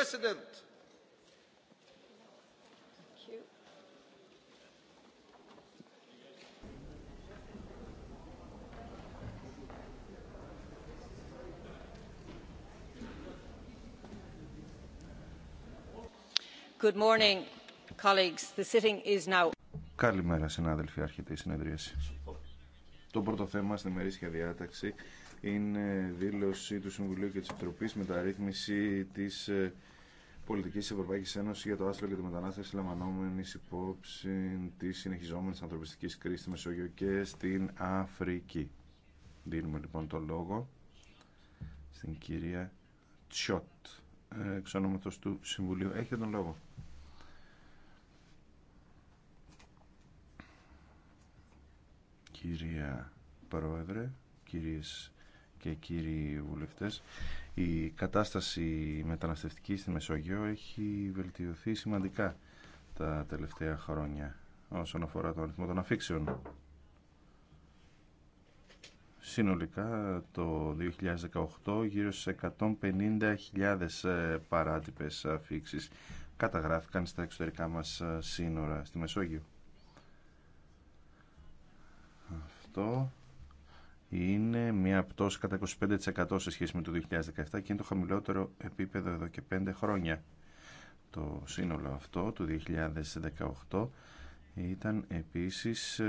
president Good morning, colleagues. The sitting is now... Καλημέρα συνάδελφοι, άρχεται η συνεδρίαση. Το πρώτο θέμα στην μερίσια διάταξη είναι δήλωση του Συμβουλίου και της Επιτροπής μεταρρύθμιση της ε, πολιτικής της Ευρωπαϊκής Ένωσης για το άστρο και τη μετανάστευση λαμβανόμενης υπόψη της συνεχιζόμενης ανθρωπιστικής κρίσης στη Μεσόγειο και στην Αφρική. Δίνουμε λοιπόν το λόγο στην κυρία Τσιότ, ε, εξ του Συμβουλίου. Έχετε τον λόγο. Κυρία Πρόεδρε, κυρίες και κύριοι βουλευτές, η κατάσταση μεταναστευτική στη Μεσόγειο έχει βελτιωθεί σημαντικά τα τελευταία χρόνια όσον αφορά τον αριθμό των αφήξεων. Συνολικά το 2018 γύρω στις 150.000 ε, παράτυπες αφήξει καταγράφηκαν στα εξωτερικά μας ε, σύνορα στη Μεσόγειο. Αυτό είναι μια πτώση κατά 25% σε σχέση με το 2017 και είναι το χαμηλότερο επίπεδο εδώ και 5 χρόνια. Το σύνολο αυτό του 2018 ήταν επίσης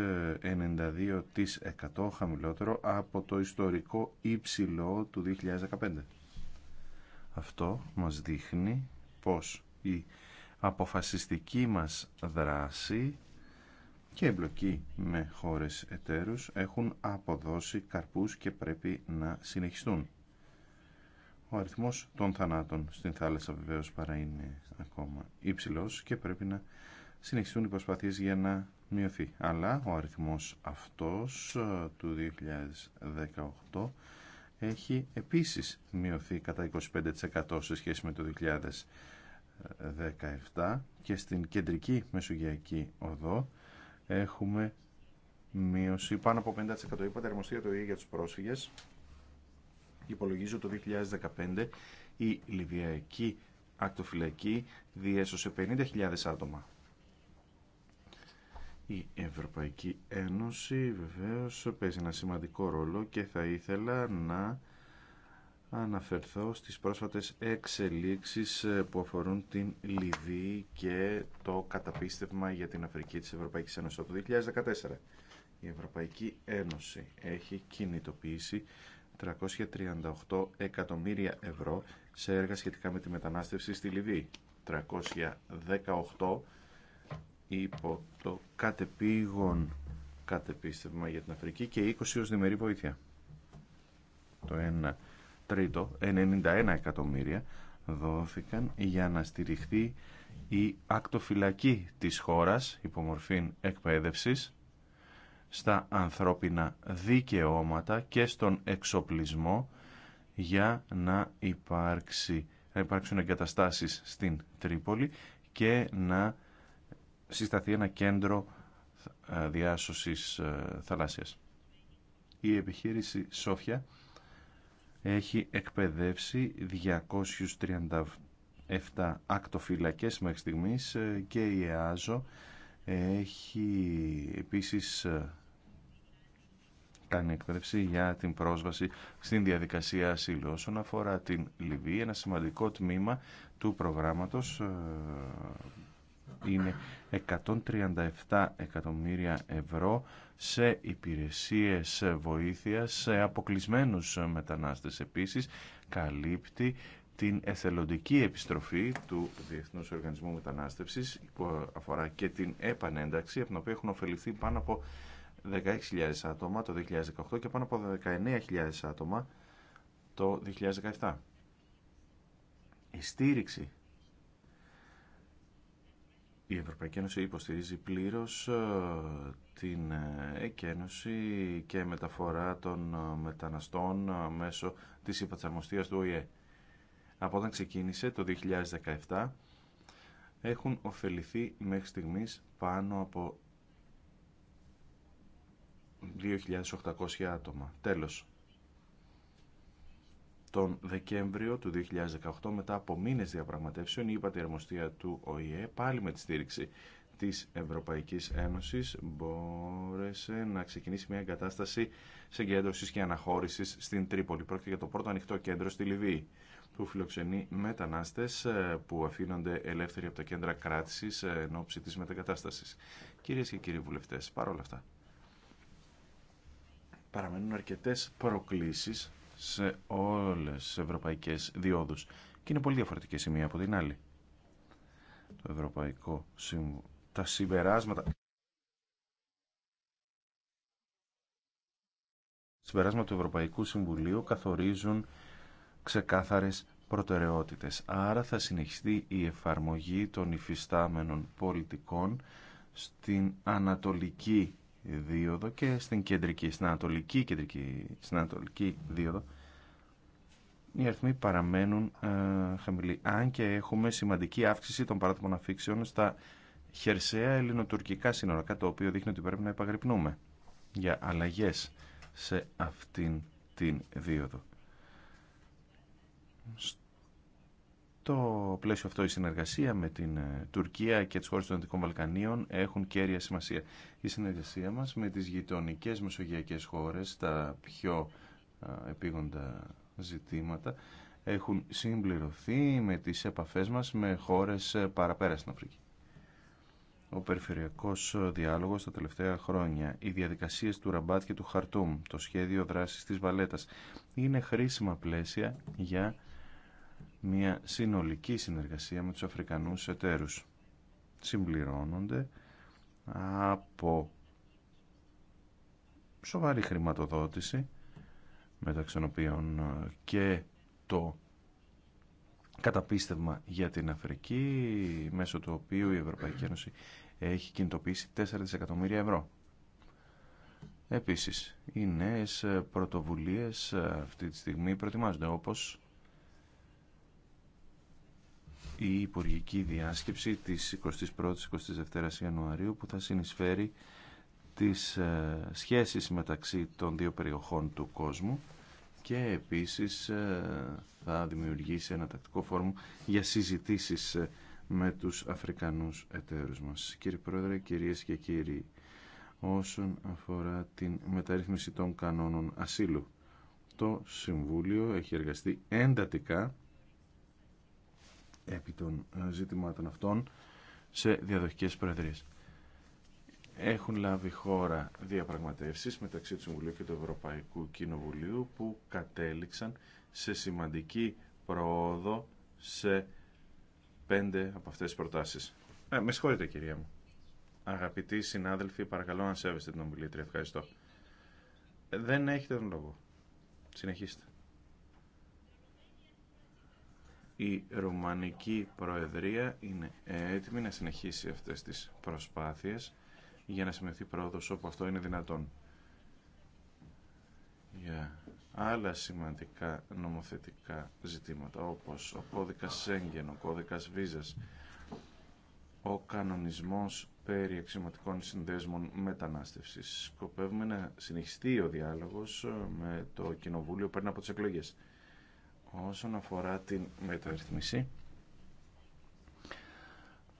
92% ε, χαμηλότερο από το ιστορικό ύψιλο του 2015. Αυτό μας δείχνει πως η αποφασιστική μας δράση και εμπλοκή με χώρες εταίρους έχουν αποδώσει καρπούς και πρέπει να συνεχιστούν. Ο αριθμός των θανάτων στην θάλασσα βεβαίως παρά είναι ακόμα υψηλός και πρέπει να συνεχιστούν οι προσπάθειες για να μειωθεί. Αλλά ο αριθμός αυτός ε, του 2018 έχει επίσης μειωθεί κατά 25% σε σχέση με το 2017 και στην κεντρική μεσογειακή οδό έχουμε μείωση πάνω από 50%. Είπατε αρμοστία το ίδιο για τους πρόσφυγες. Υπολογίζω το 2015 η Λιβιακή ακτοφυλακή διέσωσε 50.000 άτομα. Η Ευρωπαϊκή Ένωση βεβαίως παίζει ένα σημαντικό ρόλο και θα ήθελα να αναφερθώ στις πρόσφατες εξελίξεις ε, που αφορούν την Λιβύη και το καταπίστευμα για την Αφρική της Ευρωπαϊκής Ένωσης. Από το 2014 η Ευρωπαϊκή Ένωση έχει κινητοποιήσει 338 εκατομμύρια ευρώ σε έργα σχετικά με τη μετανάστευση στη Λιβύη. 318 υπό το κατεπήγον κατεπίστευμα για την Αφρική και 20 ως διμερή βοήθεια. Το ένα τρίτο, 91 εκατομμύρια δόθηκαν για να στηριχθεί η ακτοφυλακή της χώρας υπομορφήν εκπαίδευσης στα ανθρώπινα δικαιώματα και στον εξοπλισμό για να, υπάρξει, να υπάρξουν εγκαταστάσεις στην Τρίπολη και να συσταθεί ένα κέντρο ε, διάσωσης ε, θαλάσσιας. Η επιχείρηση Σόφια έχει εκπαιδεύσει 237 ακτοφυλακές μέχρι στιγμής ε, και η ΕΑΖΟ έχει επίσης ε, κάνει εκπαίδευση για την πρόσβαση στην διαδικασία ασύλου. Όσον αφορά την Λιβύη, ένα σημαντικό τμήμα του προγράμματος ε, είναι 137 εκατομμύρια ευρώ σε υπηρεσίες βοήθειας, σε αποκλεισμένους μετανάστες επίσης, καλύπτει την εθελοντική επιστροφή του Διεθνούς Οργανισμού Μετανάστευσης που αφορά και την επανένταξη από την οποία έχουν ωφεληθεί πάνω από 16.000 άτομα το 2018 και πάνω από 19.000 άτομα το 2017. Η στήριξη η Ευρωπαϊκή Ένωση υποστηρίζει πλήρως ε, την ε, εκένωση και μεταφορά των ε, μεταναστών μέσω της υπατσαρμοστίας του ΟΗΕ. Από όταν ξεκίνησε το 2017 έχουν ωφεληθεί μέχρι στιγμής πάνω από 2.800 άτομα. Τέλος, τον Δεκέμβριο του 2018 μετά από μήνες διαπραγματεύσεων η υπατερμοστία του ΟΗΕ πάλι με τη στήριξη της Ευρωπαϊκής Ένωσης μπόρεσε να ξεκινήσει μια εγκατάσταση συγκέντρωσης και αναχώρησης στην Τρίπολη. Πρόκειται για το πρώτο ανοιχτό κέντρο στη Λιβύη που φιλοξενεί μετανάστες ε, που αφήνονται ελεύθεροι από τα κέντρα κράτησης ε, εν ώψη της μετακατάστασης. Κυρίες και κύριοι βουλευτές, παρόλα αυτά παραμένουν αρκετές προκλήσεις σε όλες τις ευρωπαϊκές διόδους και είναι πολύ διαφορετικές η μία από την άλλη. Το Ευρωπαϊκό Τα συμπεράσματα... Συμπεράσματα του Ευρωπαϊκού Συμβουλίου καθορίζουν ξεκάθαρες προτεραιότητες. Άρα θα συνεχιστεί η εφαρμογή των υφιστάμενων πολιτικών στην ανατολική δίωδο και στην κεντρική, στην ανατολική, κεντρική, στην ανατολική δίωδο οι αριθμοί παραμένουν ε, χαμηλοί. Αν και έχουμε σημαντική αύξηση των παράτυπων αφήξεων στα χερσαία ελληνοτουρκικά σύνορα, κάτι το οποίο δείχνει ότι πρέπει να επαγρυπνούμε για αλλαγές σε αυτήν την δίωδο το πλαίσιο αυτό η συνεργασία με την ε, Τουρκία και τις χώρες των Δυτικών Βαλκανίων έχουν κέρια σημασία. Η συνεργασία μας με τις γειτονικές μεσογειακές χώρες, τα πιο επίγοντα ζητήματα, έχουν συμπληρωθεί με τις επαφές μας με χώρες ε, παραπέρα στην Αφρική. Ο περιφερειακός ε, διάλογος τα τελευταία χρόνια, οι διαδικασίες του Ραμπάτ και του Χαρτούμ, το σχέδιο δράσης της Βαλέτας, είναι χρήσιμα πλαίσια για μια συνολική συνεργασία με τους Αφρικανούς εταίρους. Συμπληρώνονται από σοβαρή χρηματοδότηση μεταξύ των οποίων ε, και το καταπίστευμα για την Αφρική μέσω του οποίου η Ευρωπαϊκή Ένωση έχει κινητοποιήσει 4 δισεκατομμύρια ευρώ. Επίσης, οι νέες πρωτοβουλίες ε, αυτή τη στιγμή προετοιμάζονται όπως η Υπουργική Διάσκεψη της 21ης-22ης Ιανουαρίου που θα συνεισφέρει τις ε, σχέσεις μεταξύ των δύο περιοχών του κόσμου και επίσης ε, θα δημιουργήσει ένα τακτικό φόρμα για συζητήσεις ε, με τους Αφρικανούς εταίρους μας. Κύριε Πρόεδρε, κυρίες και κύριοι, όσον αφορά την μεταρρύθμιση των κανόνων ασύλου, το Συμβούλιο έχει εργαστεί εντατικά επί των ε, ζητημάτων αυτών σε διαδοχικές προεδρίες. Έχουν λάβει χώρα διαπραγματεύσεις μεταξύ του Συμβουλίου και του Ευρωπαϊκού Κοινοβουλίου που κατέληξαν σε σημαντική προόδο σε πέντε από αυτές τις προτάσεις. Ε, με συγχωρείτε κυρία μου. Αγαπητοί συνάδελφοι, παρακαλώ να σέβεστε την ομιλήτρια. Ευχαριστώ. Ε, δεν έχετε τον λόγο. Συνεχίστε. η Ρουμανική Προεδρία είναι έτοιμη να συνεχίσει αυτές τις προσπάθειες για να σημειωθεί πρόοδος όπου αυτό είναι δυνατόν. Για άλλα σημαντικά νομοθετικά ζητήματα όπως ο κώδικας Σέγγεν, ο κώδικας Βίζας, ο κανονισμός περί εξηματικών συνδέσμων μετανάστευσης. Σκοπεύουμε να συνεχιστεί ο διάλογος με το Κοινοβούλιο πριν από τις εκλογές όσον αφορά την μεταρρυθμίση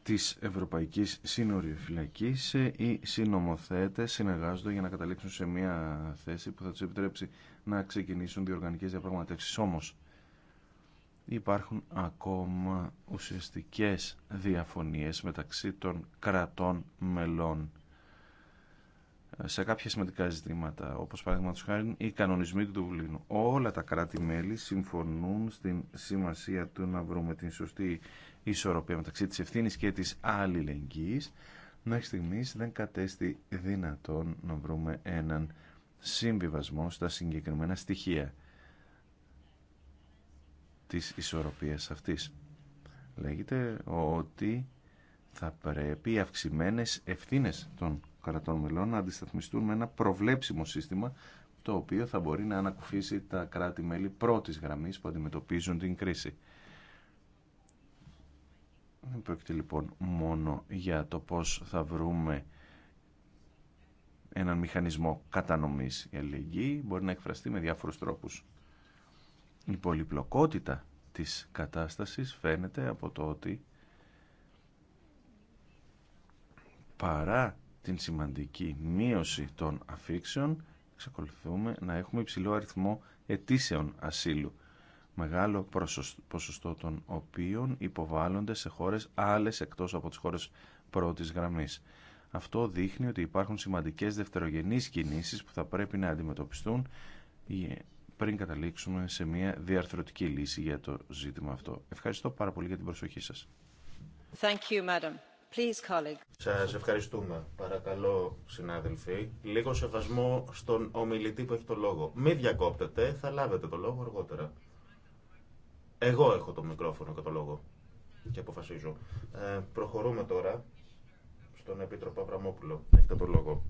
της Ευρωπαϊκής Φυλακής, ε, οι συνομοθέτες συνεργάζονται για να καταλήξουν σε μια θέση που θα τους επιτρέψει να ξεκινήσουν διοργανικές διαπραγματεύσεις. Όμως υπάρχουν ακόμα ουσιαστικές διαφωνίες μεταξύ των κρατών μελών σε κάποια σημαντικά ζητήματα, όπως παραδείγματο χάρη οι κανονισμοί του Δουβλίνου. Όλα τα κράτη-μέλη συμφωνούν στην σημασία του να βρούμε την σωστή ισορροπία μεταξύ τη ευθύνη και της αλληλεγγύη. Μέχρι στιγμή δεν κατέστη δυνατόν να βρούμε έναν συμβιβασμό στα συγκεκριμένα στοιχεία της ισορροπίας αυτής. Λέγεται ότι θα πρέπει οι αυξημένες ευθύνες των κρατών μελών να αντισταθμιστούν με ένα προβλέψιμο σύστημα το οποίο θα μπορεί να ανακουφίσει τα κράτη-μέλη πρώτης γραμμής που αντιμετωπίζουν την κρίση. Δεν πρόκειται λοιπόν μόνο για το πώς θα βρούμε έναν μηχανισμό κατανομής η μπορεί να εκφραστεί με διάφορους τρόπους. Η πολυπλοκότητα της κατάστασης φαίνεται από το ότι παρά την σημαντική μείωση των αφήξεων, εξακολουθούμε να έχουμε υψηλό αριθμό αιτήσεων ασύλου, μεγάλο ποσοστό των οποίων υποβάλλονται σε χώρες άλλες εκτός από τις χώρες πρώτης γραμμής. Αυτό δείχνει ότι υπάρχουν σημαντικές δευτερογενείς κινήσεις που θα πρέπει να αντιμετωπιστούν πριν καταλήξουμε σε μια διαρθρωτική λύση για το ζήτημα αυτό. Ευχαριστώ πάρα πολύ για την προσοχή σας. Thank you, madam. Please, Σας ευχαριστούμε. Παρακαλώ, συνάδελφοι, λίγο σεβασμό στον ομιλητή που έχει το λόγο. Μην διακόπτετε, θα λάβετε το λόγο αργότερα. Εγώ έχω το μικρόφωνο και το λόγο και αποφασίζω. Ε, προχωρούμε τώρα στον Επίτροπο Αβραμόπουλο. Έχετε το λόγο.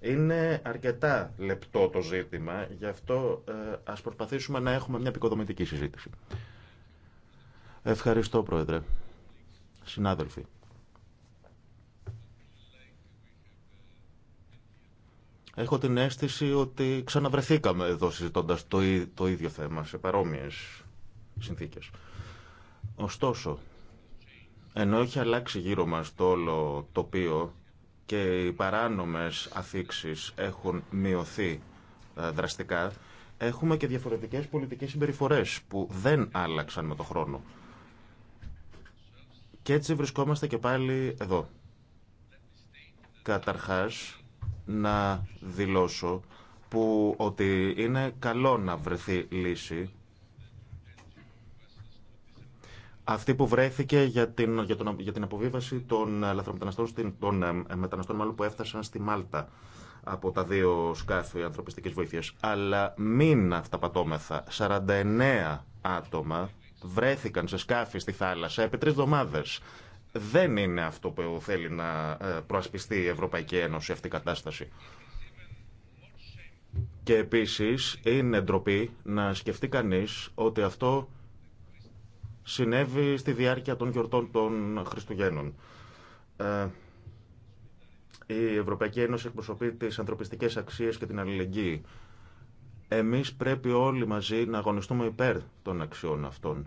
Είναι αρκετά λεπτό το ζήτημα, γι' αυτό ε, ας προσπαθήσουμε να έχουμε μια επικοδομητική συζήτηση. Ευχαριστώ, Πρόεδρε. Συνάδελφοι. Έχω την αίσθηση ότι ξαναβρεθήκαμε εδώ συζητώντας το, το ίδιο θέμα σε παρόμοιες συνθήκες. Ωστόσο, ενώ έχει αλλάξει γύρω μας το όλο τοπίο και οι παράνομες αθήξεις έχουν μειωθεί ε, δραστικά, έχουμε και διαφορετικές πολιτικές συμπεριφορές που δεν άλλαξαν με το χρόνο. Και έτσι βρισκόμαστε και πάλι εδώ. Καταρχάς, να δηλώσω που ότι είναι καλό να βρεθεί λύση αυτή που βρέθηκε για την, για τον, για την αποβίβαση των λαθρομεταναστών, των ε, μεταναστών μάλλον που έφτασαν στη Μάλτα από τα δύο σκάφη ανθρωπιστικής βοήθειας. Αλλά μην αυταπατώμεθα. 49 άτομα βρέθηκαν σε σκάφη στη θάλασσα επί τρει εβδομάδε δεν είναι αυτό που θέλει να ε, προασπιστεί η Ευρωπαϊκή Ένωση αυτή η κατάσταση. Και επίσης είναι ντροπή να σκεφτεί κανείς ότι αυτό συνέβη στη διάρκεια των γιορτών των Χριστουγέννων. Ε, η Ευρωπαϊκή Ένωση εκπροσωπεί τις ανθρωπιστικές αξίες και την αλληλεγγύη. Εμείς πρέπει όλοι μαζί να αγωνιστούμε υπέρ των αξιών αυτών.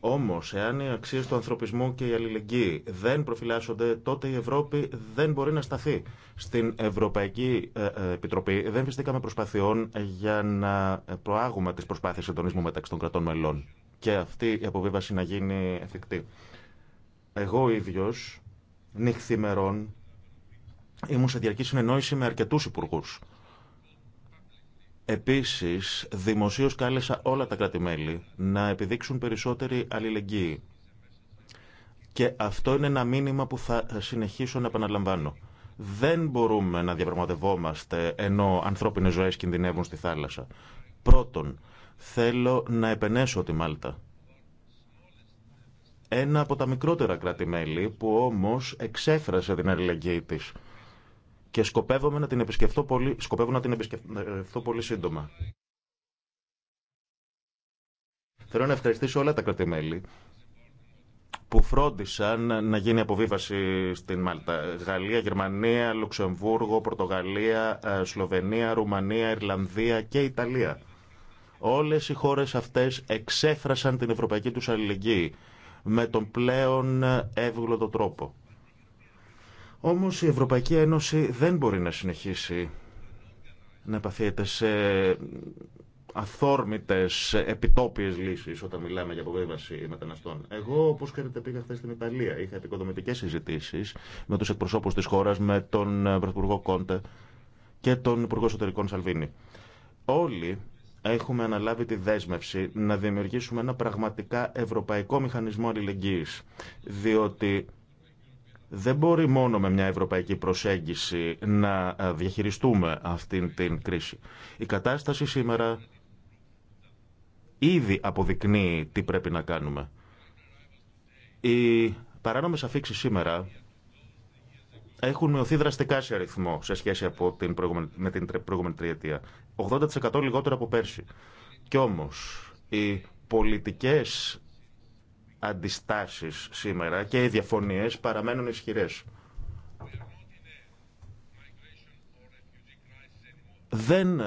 Όμω, εάν οι αξίε του ανθρωπισμού και η αλληλεγγύη δεν προφυλάσσονται, τότε η Ευρώπη δεν μπορεί να σταθεί. Στην Ευρωπαϊκή ε, ε, Επιτροπή δεν βρισκόμαστε προσπαθειών για να προάγουμε τι προσπάθειε συντονισμού μεταξύ των κρατών μελών. Και αυτή η αποβίβαση να γίνει εφικτή. Εγώ ίδιο, νυχθημερών, ήμουν σε διαρκή συνεννόηση με αρκετού υπουργού Επίσης, δημοσίως κάλεσα όλα τα κρατη να επιδείξουν περισσότερη αλληλεγγύη. Και αυτό είναι ένα μήνυμα που θα συνεχίσω να επαναλαμβάνω. Δεν μπορούμε να διαπραγματευόμαστε ενώ ανθρώπινες ζωές κινδυνεύουν στη θάλασσα. Πρώτον, θέλω να επενέσω τη Μάλτα. Ένα από τα μικρότερα κράτη-μέλη που όμως εξέφρασε την αλληλεγγύη της και σκοπεύω να την επισκεφθώ πολύ, να την επισκεφθώ πολύ σύντομα. Θέλω να ευχαριστήσω όλα τα κρατημέλη που φρόντισαν να γίνει αποβίβαση στην Μάλτα. Γαλλία, Γερμανία, Λουξεμβούργο, Πορτογαλία, ε, Σλοβενία, Ρουμανία, Ιρλανδία και Ιταλία. Όλες οι χώρες αυτές εξέφρασαν την ευρωπαϊκή τους αλληλεγγύη με τον πλέον εύγλωτο τρόπο. Όμως η Ευρωπαϊκή Ένωση δεν μπορεί να συνεχίσει να επαθείται σε αθόρμητες επιτόπιες λύσεις όταν μιλάμε για αποβίβαση μεταναστών. Εγώ, όπως ξέρετε, πήγα χθε στην Ιταλία. Είχα επικοδομητικές συζητήσεις με τους εκπροσώπους της χώρας, με τον ε, Πρωθυπουργό Κόντε και τον Υπουργό Εσωτερικών Σαλβίνη. Όλοι έχουμε αναλάβει τη δέσμευση να δημιουργήσουμε ένα πραγματικά ευρωπαϊκό μηχανισμό αλληλεγγύης. Διότι δεν μπορεί μόνο με μια ευρωπαϊκή προσέγγιση να ε, διαχειριστούμε αυτήν την κρίση. Η κατάσταση σήμερα ήδη αποδεικνύει τι πρέπει να κάνουμε. Οι παράνομες αφήξεις σήμερα έχουν μειωθεί δραστικά σε αριθμό σε σχέση από την με την προηγούμενη τριετία. 80% λιγότερο από πέρσι. Κι όμως οι πολιτικές αντιστάσεις σήμερα και οι διαφωνίες παραμένουν ισχυρές. Δεν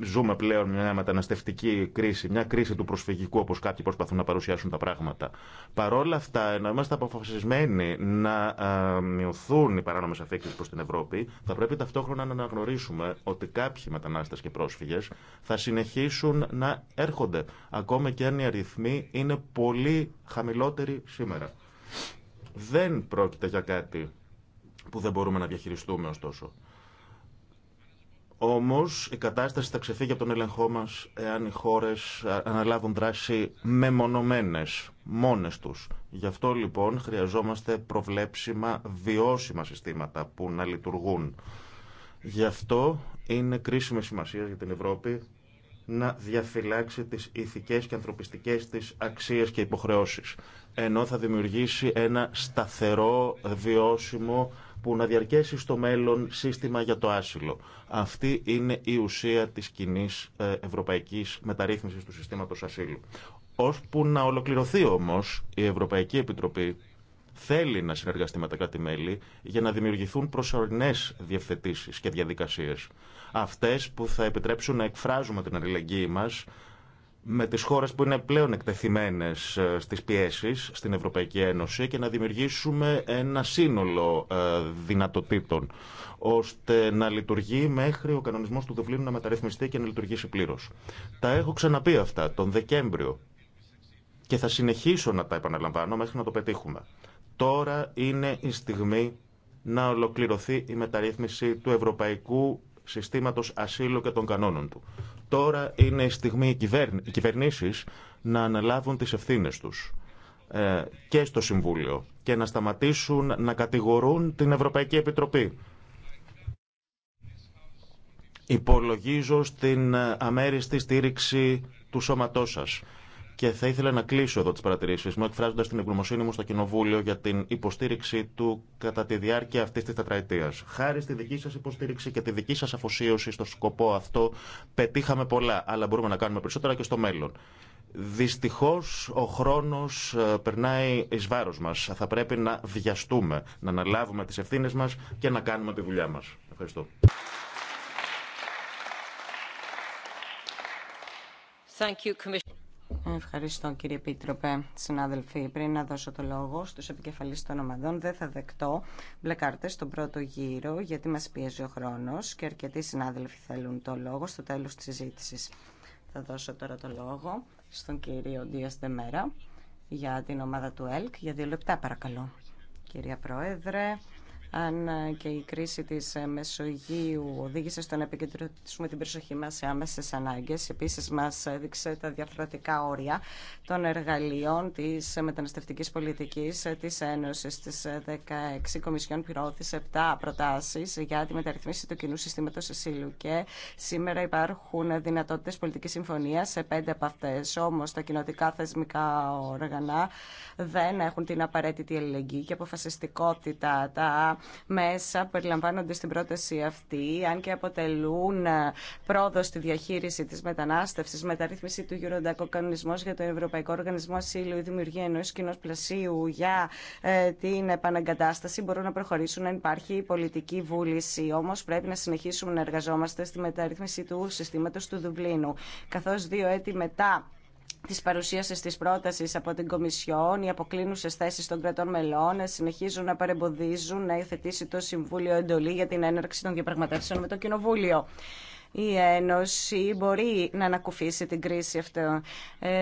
Ζούμε πλέον μια μεταναστευτική κρίση, μια κρίση του προσφυγικού, όπω κάποιοι προσπαθούν να παρουσιάσουν τα πράγματα. Παρόλα αυτά, ενώ είμαστε αποφασισμένοι να μειωθούν οι παράνομε αφήξει προς την Ευρώπη, θα πρέπει ταυτόχρονα να αναγνωρίσουμε ότι κάποιοι μετανάστες και πρόσφυγες θα συνεχίσουν να έρχονται, ακόμα και αν οι αριθμοί είναι πολύ χαμηλότεροι σήμερα. Δεν πρόκειται για κάτι που δεν μπορούμε να διαχειριστούμε ωστόσο. Όμω η κατάσταση θα ξεφύγει από τον έλεγχό μα εάν οι χώρε αναλάβουν δράση μεμονωμένε, μόνε του. Γι' αυτό λοιπόν χρειαζόμαστε προβλέψιμα, βιώσιμα συστήματα που να λειτουργούν. Γι' αυτό είναι κρίσιμη σημασία για την Ευρώπη να διαφυλάξει τις ηθικές και ανθρωπιστικές της αξίες και υποχρεώσεις. Ενώ θα δημιουργήσει ένα σταθερό, βιώσιμο, που να διαρκέσει στο μέλλον σύστημα για το άσυλο. Αυτή είναι η ουσία της κοινή ε, ευρωπαϊκής μεταρρύθμισης του συστήματος ασύλου. που να ολοκληρωθεί όμως η Ευρωπαϊκή Επιτροπή θέλει να συνεργαστεί με τα κράτη-μέλη για να δημιουργηθούν προσωρινές διευθετήσεις και διαδικασίες. Αυτές που θα επιτρέψουν να εκφράζουμε την αλληλεγγύη μας με τις χώρες που είναι πλέον εκτεθειμένες ε, στις πιέσεις στην Ευρωπαϊκή Ένωση και να δημιουργήσουμε ένα σύνολο ε, δυνατοτήτων ώστε να λειτουργεί μέχρι ο κανονισμός του Δουβλίνου να μεταρρυθμιστεί και να λειτουργήσει πλήρως. Τα έχω ξαναπεί αυτά τον Δεκέμβριο και θα συνεχίσω να τα επαναλαμβάνω μέχρι να το πετύχουμε. Τώρα είναι η στιγμή να ολοκληρωθεί η μεταρρύθμιση του Ευρωπαϊκού Συστήματος Ασύλου και των κανόνων του. Τώρα είναι η στιγμή οι, κυβερνήσεις να αναλάβουν τις ευθύνες τους ε, και στο Συμβούλιο και να σταματήσουν να κατηγορούν την Ευρωπαϊκή Επιτροπή. Υπολογίζω στην αμέριστη στήριξη του σώματός σας. Και θα ήθελα να κλείσω εδώ τι παρατηρήσει μου, εκφράζοντα την εγκλωμοσύνη μου στο Κοινοβούλιο για την υποστήριξή του κατά τη διάρκεια αυτή τη τετραετία. Χάρη στη δική σα υποστήριξη και τη δική σα αφοσίωση στο σκοπό αυτό, πετύχαμε πολλά, αλλά μπορούμε να κάνουμε περισσότερα και στο μέλλον. Δυστυχώ ο χρόνο ε, περνάει ει βάρο μα. Θα πρέπει να βιαστούμε, να αναλάβουμε τι ευθύνε μα και να κάνουμε τη δουλειά μα. Ευχαριστώ. Thank you, Ευχαριστώ κύριε Επίτροπε, συνάδελφοι. Πριν να δώσω το λόγο στους επικεφαλείς των ομαδών, δεν θα δεκτώ μπλε κάρτες στον πρώτο γύρο, γιατί μας πιέζει ο χρόνος και αρκετοί συνάδελφοι θέλουν το λόγο στο τέλος της συζήτηση. Θα δώσω τώρα το λόγο στον κύριο Ντίας Δεμέρα για την ομάδα του ΕΛΚ. Για δύο λεπτά παρακαλώ. Κυρία Πρόεδρε, αν και η κρίση της Μεσογείου οδήγησε στο να επικεντρωθούμε την προσοχή μας σε άμεσες ανάγκες. Επίσης μας έδειξε τα διαφορετικά όρια των εργαλείων της μεταναστευτικής πολιτικής της Ένωσης της 16 Κομισιών πυρώθησε 7 προτάσεις για τη μεταρρυθμίση του κοινού συστήματος ασύλου και σήμερα υπάρχουν δυνατότητες πολιτικής συμφωνίας σε 5 από αυτές. Όμως τα κοινοτικά θεσμικά όργανα δεν έχουν την απαραίτητη αλληλεγγύη και αποφασιστικότητα. Τα μέσα που περιλαμβάνονται στην πρόταση αυτή, αν και αποτελούν ε, πρόοδο στη διαχείριση τη μετανάστευση, μεταρρύθμιση του Eurodac, για το Ευρωπαϊκό Οργανισμό Ασύλου, η δημιουργία ενό κοινό πλασίου για ε, την επαναγκατάσταση, μπορούν να προχωρήσουν αν υπάρχει πολιτική βούληση. Όμω πρέπει να συνεχίσουμε να εργαζόμαστε στη μεταρρύθμιση του συστήματο του Δουβλίνου. Καθώ δύο έτη μετά Τη παρουσίαση τη πρόταση από την Κομισιόν, οι αποκλίνουσε θέσει των κρατών μελών συνεχίζουν να παρεμποδίζουν να υιοθετήσει το Συμβούλιο εντολή για την έναρξη των διαπραγματεύσεων με το Κοινοβούλιο η Ένωση μπορεί να ανακουφίσει την κρίση Ε, το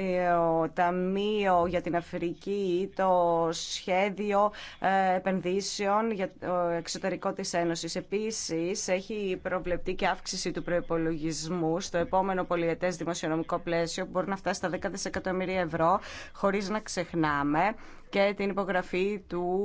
ε, Ταμείο για την Αφρική, ή το σχέδιο ε, επενδύσεων για το εξωτερικό της Ένωσης. Επίσης, έχει προβλεπτεί και αύξηση του προϋπολογισμού στο επόμενο πολιετές δημοσιονομικό πλαίσιο που μπορεί να φτάσει στα 10 δισεκατομμύρια ευρώ, χωρίς να ξεχνάμε και την υπογραφή του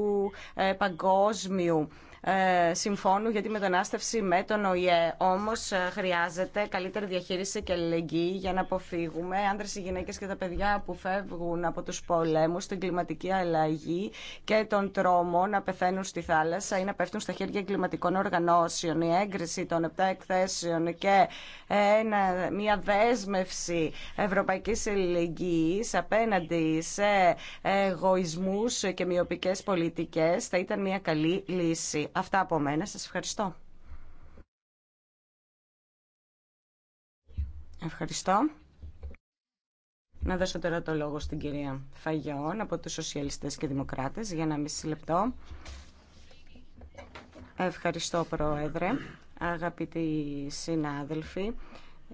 ε, παγκόσμιου ε, συμφώνου για τη μετανάστευση με τον ΟΗΕ. Όμω ε, χρειάζεται καλύτερη διαχείριση και αλληλεγγύη για να αποφύγουμε άντρε, οι γυναίκε και τα παιδιά που φεύγουν από του πολέμου, την κλιματική αλλαγή και τον τρόμο να πεθαίνουν στη θάλασσα ή να πέφτουν στα χέρια εγκληματικών οργανώσεων. Η έγκριση των επτά εκθέσεων και ε, μια δέσμευση ευρωπαϊκή αλληλεγγύη απέναντι σε εγωισμού και μειοπικέ πολιτικέ θα ήταν μια καλή λύση. Αυτά από μένα. Σας ευχαριστώ. Ευχαριστώ. Να δώσω τώρα το λόγο στην κυρία Φαγιόν από τους Σοσιαλιστές και Δημοκράτες για ένα μισή λεπτό. Ευχαριστώ, Πρόεδρε. Αγαπητοί συνάδελφοι,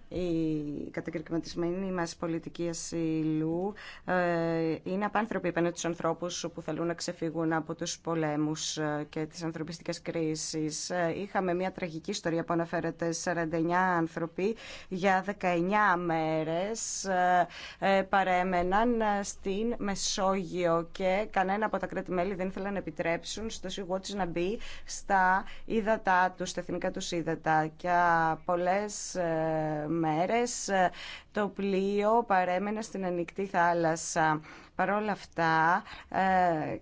η κατακαιρματισμένη μας πολιτική ασύλου ε, είναι απάνθρωποι απέναντι στους ανθρώπους που θέλουν να ξεφύγουν από τους πολέμους ε, και τις ανθρωπιστικές κρίσεις. Ε, είχαμε μια τραγική ιστορία που αναφέρεται 49 άνθρωποι για 19 μέρες παρέμεναν στην Μεσόγειο και κανένα από τα κράτη-μέλη δεν ήθελαν να επιτρέψουν στο τη να μπει στα ύδατά του στα εθνικά του ύδατα και πολλές μέρες το πλοίο παρέμενε στην ανοιχτή θάλασσα. Παρ' όλα αυτά ε,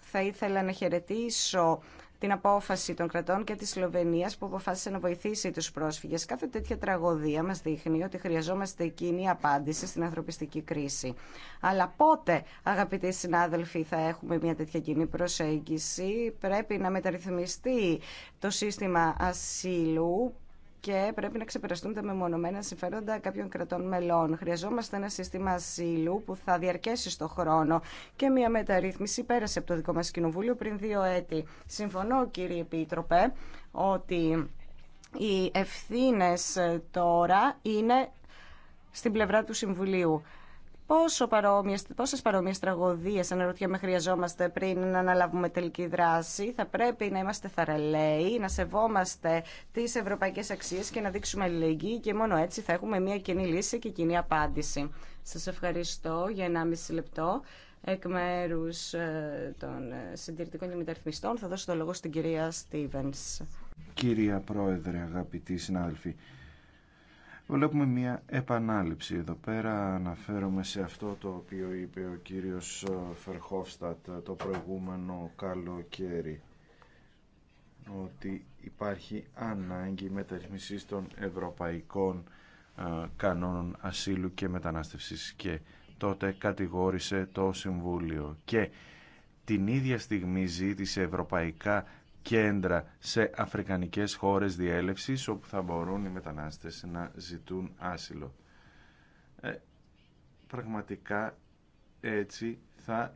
θα ήθελα να χαιρετήσω την απόφαση των κρατών και της Σλοβενίας που αποφάσισε να βοηθήσει τους πρόσφυγες. Κάθε τέτοια τραγωδία μας δείχνει ότι χρειαζόμαστε εκείνη απάντηση στην ανθρωπιστική κρίση. Αλλά πότε, αγαπητοί συνάδελφοι, θα έχουμε μια τέτοια κοινή προσέγγιση. Πρέπει να μεταρρυθμιστεί το σύστημα ασύλου και πρέπει να ξεπεραστούν τα μεμονωμένα συμφέροντα κάποιων κρατών μελών. Χρειαζόμαστε ένα σύστημα ασύλου που θα διαρκέσει στο χρόνο και μια μεταρρύθμιση πέρασε από το δικό μας κοινοβούλιο πριν δύο έτη. Συμφωνώ κύριε Επίτροπε ότι οι ευθύνε τώρα είναι στην πλευρά του Συμβουλίου. Πόσο παρόμοιες, πόσες παρόμοιες τραγωδίες αναρωτιέμαι χρειαζόμαστε πριν να αναλάβουμε τελική δράση. Θα πρέπει να είμαστε θαραλέοι, να σεβόμαστε τις ευρωπαϊκές αξίες και να δείξουμε αλληλεγγύη και μόνο έτσι θα έχουμε μια κοινή λύση και κοινή απάντηση. Σας ευχαριστώ για μισή λεπτό. Εκ μέρου ε, των ε, συντηρητικών και μεταρρυθμιστών θα δώσω το λόγο στην κυρία Στίβενς. Κυρία Πρόεδρε, αγαπητοί συνάδελφοι, Βλέπουμε μια επανάληψη. Εδώ πέρα αναφέρομαι σε αυτό το οποίο είπε ο κύριος ε, Φερχόφστατ ε, το προηγούμενο καλοκαίρι ότι υπάρχει ανάγκη μεταρρυθμισής των ευρωπαϊκών ε, κανόνων ασύλου και μετανάστευσης και τότε κατηγόρησε το Συμβούλιο και την ίδια στιγμή ζήτησε ευρωπαϊκά κέντρα σε αφρικανικές χώρες διέλευσης όπου θα μπορούν οι μετανάστες να ζητούν άσυλο. Ε, πραγματικά έτσι θα,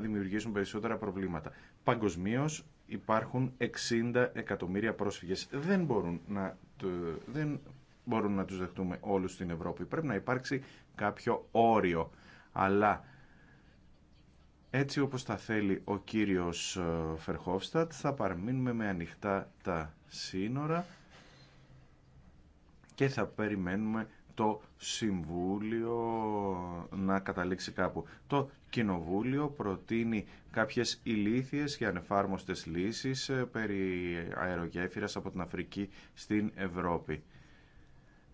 δημιουργήσουν περισσότερα προβλήματα. Παγκοσμίω υπάρχουν 60 εκατομμύρια πρόσφυγες. Δεν μπορούν να, δεν μπορούν να τους δεχτούμε όλους στην Ευρώπη. Πρέπει να υπάρξει κάποιο όριο. Αλλά έτσι όπως τα θέλει ο κύριος ε, Φερχόφστατ θα παραμείνουμε με ανοιχτά τα σύνορα και θα περιμένουμε το Συμβούλιο να καταλήξει κάπου. Το Κοινοβούλιο προτείνει κάποιες ηλίθιες και ανεφάρμοστες λύσεις ε, περί αερογέφυρας από την Αφρική στην Ευρώπη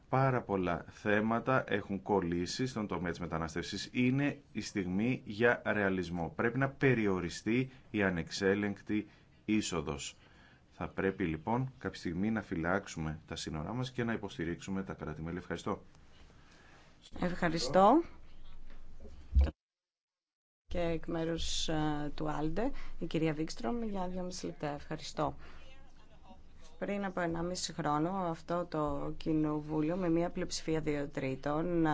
πάρα πολλά θέματα έχουν κολλήσει στον τομέα της μετανάστευσης. Είναι η στιγμή για ρεαλισμό. Πρέπει να περιοριστεί η ανεξέλεγκτη είσοδος. Θα πρέπει λοιπόν κάποια στιγμή να φυλάξουμε τα σύνορά μας και να υποστηρίξουμε τα κράτη-μέλη. Ευχαριστώ. Ευχαριστώ. Και εκ μέρους ε, του Άλντε, η κυρία Βίξτρομ, για δύο μισή λεπτά. Ευχαριστώ. Πριν από 1,5 χρόνο αυτό το κοινοβούλιο με μια πλειοψηφία δύο τρίτων ε,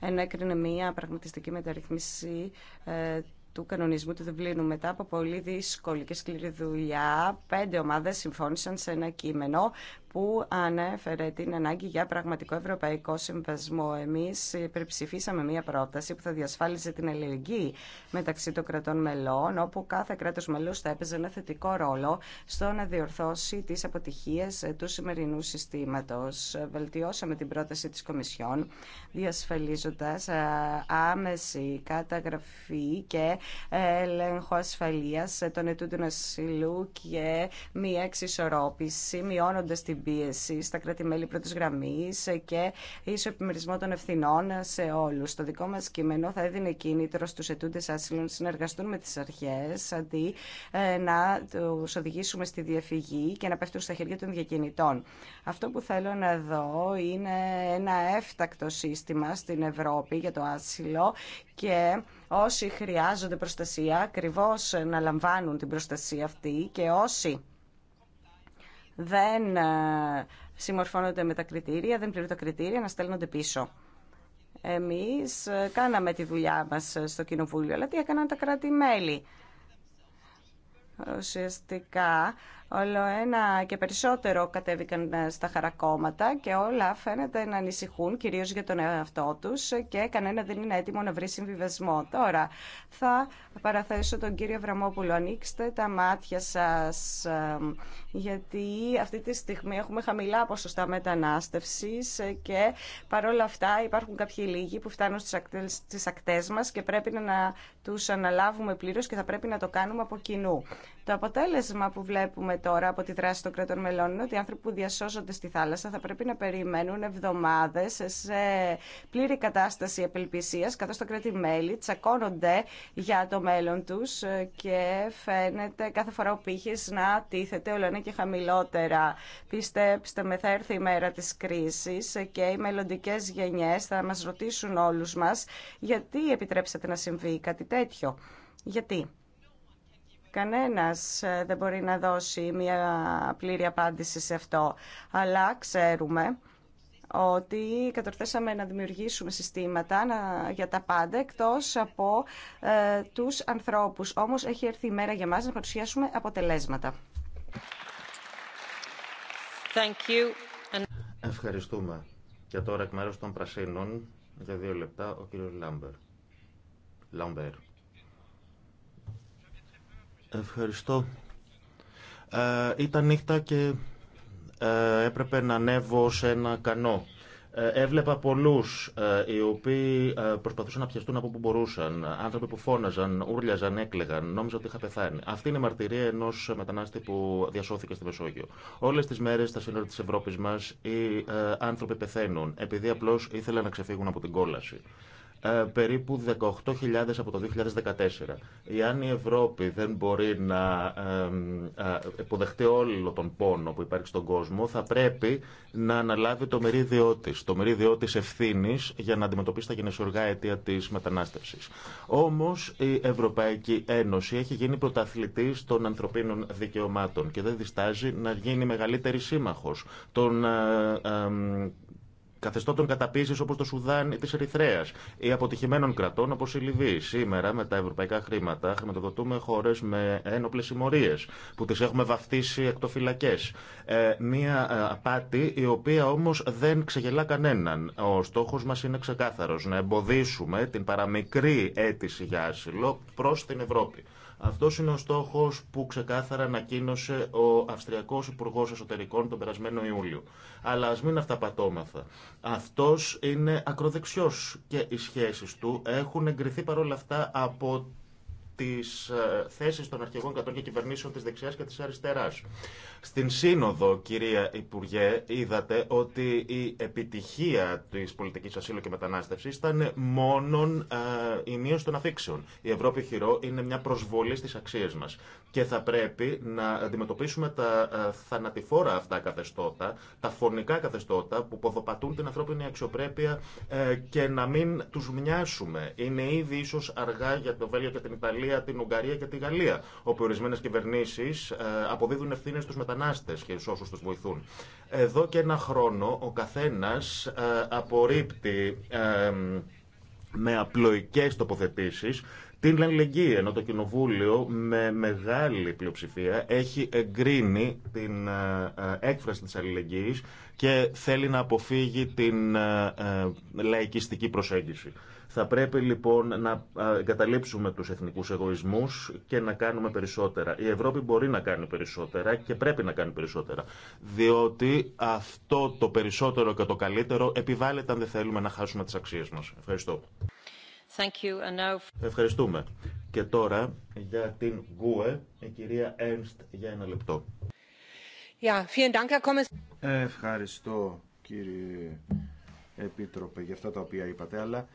ενέκρινε μια πραγματιστική μεταρρυθμίση ε, του κανονισμού του Δουβλίνου μετά από πολύ δύσκολη και σκληρή δουλειά. Πέντε ομάδες συμφώνησαν σε ένα κείμενο που ανέφερε την ανάγκη για πραγματικό ευρωπαϊκό συμβασμό. Εμεί υπερψηφίσαμε μία πρόταση που θα διασφάλιζε την αλληλεγγύη μεταξύ των κρατών μελών, όπου κάθε κράτο μελός θα έπαιζε ένα θετικό ρόλο στο να διορθώσει τι αποτυχίε του σημερινού συστήματο. Βελτιώσαμε την πρόταση τη Κομισιόν, διασφαλίζοντα ε, άμεση καταγραφή και έλεγχο ασφαλείας των ετούντων ασυλού και μία εξισορρόπηση, μειώνοντα την πίεση στα κράτη-μέλη πρώτη γραμμή και ίσο επιμερισμό των ευθυνών σε όλου. Το δικό μα κείμενο θα έδινε κίνητρο στου ετούντε άσυλων να συνεργαστούν με τι αρχέ αντί ε, να του οδηγήσουμε στη διαφυγή και να πέφτουν στα χέρια των διακινητών. Αυτό που θέλω να δω είναι ένα έφτακτο σύστημα στην Ευρώπη για το άσυλο και όσοι χρειάζονται προστασία ακριβώς να λαμβάνουν την προστασία αυτή και όσοι δεν ε, συμμορφώνονται με τα κριτήρια, δεν πληρούν τα κριτήρια, να στέλνονται πίσω. Εμείς ε, κάναμε τη δουλειά μας ε, στο Κοινοβούλιο, αλλά τι έκαναν τα κράτη-μέλη. Ουσιαστικά όλο ένα και περισσότερο κατέβηκαν ε, στα χαρακόμματα και όλα φαίνεται να ανησυχούν κυρίως για τον εαυτό τους και κανένα δεν είναι έτοιμο να βρει συμβιβασμό. Τώρα θα παραθέσω τον κύριο Βραμόπουλο. Ανοίξτε τα μάτια σας ε, γιατί αυτή τη στιγμή έχουμε χαμηλά ποσοστά μετανάστευσης και παρόλα αυτά υπάρχουν κάποιοι λίγοι που φτάνουν στις ακτές, στις ακτές μας και πρέπει να τους αναλάβουμε πλήρως και θα πρέπει να το κάνουμε από κοινού. Το αποτέλεσμα που βλέπουμε τώρα από τη δράση των κρατών μελών είναι ότι οι άνθρωποι που διασώζονται στη θάλασσα θα πρέπει να περιμένουν εβδομάδε σε πλήρη κατάσταση απελπισία, καθώ τα κράτη-μέλη τσακώνονται για το μέλλον του και φαίνεται κάθε φορά ο πύχη να τίθεται όλο ένα και χαμηλότερα. Πιστέψτε με, θα έρθει η μέρα τη κρίση και οι μελλοντικέ γενιέ θα μα ρωτήσουν όλου μα γιατί επιτρέψατε να συμβεί κάτι τέτοιο. Γιατί. Κανένας ε, δεν μπορεί να δώσει μια πλήρη απάντηση σε αυτό. Αλλά ξέρουμε ότι κατορθέσαμε να δημιουργήσουμε συστήματα για τα πάντα εκτός από ε, τους ανθρώπους. Όμως έχει έρθει η μέρα για μας να παρουσιάσουμε αποτελέσματα. Thank you. Ευχαριστούμε. Και τώρα εκ μέρους των Πρασίνων για δύο λεπτά ο κύριος Λάμπερ. Λάμπερ. Ευχαριστώ. Ε, ήταν νύχτα και ε, έπρεπε να ανέβω σε ένα κανό. Ε, έβλεπα πολλούς οι οποίοι προσπαθούσαν να πιαστούν από που μπορούσαν. Άνθρωποι που φώναζαν, ούρλιαζαν, έκλεγαν. Νόμιζα ότι είχα πεθάνει. Αυτή είναι η μαρτυρία ενός μετανάστη που διασώθηκε στη Μεσόγειο. Όλες τις μέρες στα σύνορα της Ευρώπης μας οι άνθρωποι πεθαίνουν επειδή απλώς ήθελαν να ξεφύγουν από την κόλαση. Ε, περίπου 18.000 από το 2014. Εάν η Ευρώπη δεν μπορεί να ε, υποδεχτεί όλο τον πόνο που υπάρχει στον κόσμο, θα πρέπει να αναλάβει το μερίδιό τη, το μερίδιό τη ευθύνη για να αντιμετωπίσει τα γενεσοργά αιτία τη μετανάστευση. Όμω η Ευρωπαϊκή Ένωση έχει γίνει πρωταθλητή των ανθρωπίνων δικαιωμάτων και δεν διστάζει να γίνει μεγαλύτερη σύμμαχο των ε, καθεστώτων καταπίεση όπω το Σουδάν ή τη Ερυθρέα ή αποτυχημένων κρατών όπω η Λιβύη. Σήμερα με τα ευρωπαϊκά χρήματα χρηματοδοτούμε χώρε με ένοπλε συμμορίε που τι έχουμε βαφτίσει εκτοφυλακέ. Ε, μία ε, απάτη η οποία όμω δεν ξεγελά κανέναν. Ο στόχο μα είναι ξεκάθαρο να εμποδίσουμε την παραμικρή αίτηση για άσυλο προ την Ευρώπη. Αυτό είναι ο στόχο που ξεκάθαρα ανακοίνωσε ο Αυστριακό Υπουργό Εσωτερικών τον περασμένο Ιούλιο. Αλλά α μην αυταπατώμαθα. Αυτό είναι ακροδεξιό και οι σχέσει του έχουν εγκριθεί παρόλα αυτά από τι ε, θέσει των αρχηγών κατών και κυβερνήσεων τη δεξιά και τη αριστερά. Στην Σύνοδο, κυρία Υπουργέ, είδατε ότι η επιτυχία τη πολιτική ασύλου και μετανάστευση ήταν μόνο ε, η μείωση των αφήξεων. Η Ευρώπη χειρό είναι μια προσβολή στι αξίε μα. Και θα πρέπει να αντιμετωπίσουμε τα ε, θανατηφόρα αυτά καθεστώτα, τα φωνικά καθεστώτα που ποδοπατούν την ανθρώπινη αξιοπρέπεια ε, και να μην του μοιάσουμε. Είναι ήδη ίσω αργά για το Βέλγιο και την Ιταλία, την Ουγγαρία και τη Γαλλία, όπου ορισμένε κυβερνήσει αποδίδουν ευθύνε στου μετανάστε μετανάστε και βοηθούν. Εδώ και ένα χρόνο ο καθένας ε, απορρίπτει ε, με απλοϊκές τοποθετήσεις την αλληλεγγύη, ενώ το Κοινοβούλιο με μεγάλη πλειοψηφία έχει εγκρίνει την ε, έκφραση της αλληλεγγύης και θέλει να αποφύγει την λαϊκιστική προσέγγιση. Θα πρέπει λοιπόν να εγκαταλείψουμε τους εθνικούς εγωισμούς και να κάνουμε περισσότερα. Η Ευρώπη μπορεί να κάνει περισσότερα και πρέπει να κάνει περισσότερα. Διότι αυτό το περισσότερο και το καλύτερο επιβάλλεται αν δεν θέλουμε να χάσουμε τις αξίες μας. Ευχαριστώ. Thank you. Ευχαριστούμε. Και τώρα για την Γκουε, η κυρία Ένστ για ένα λεπτό. Ευχαριστώ κύριε Επίτροπε για αυτά τα οποία είπατε, αλλά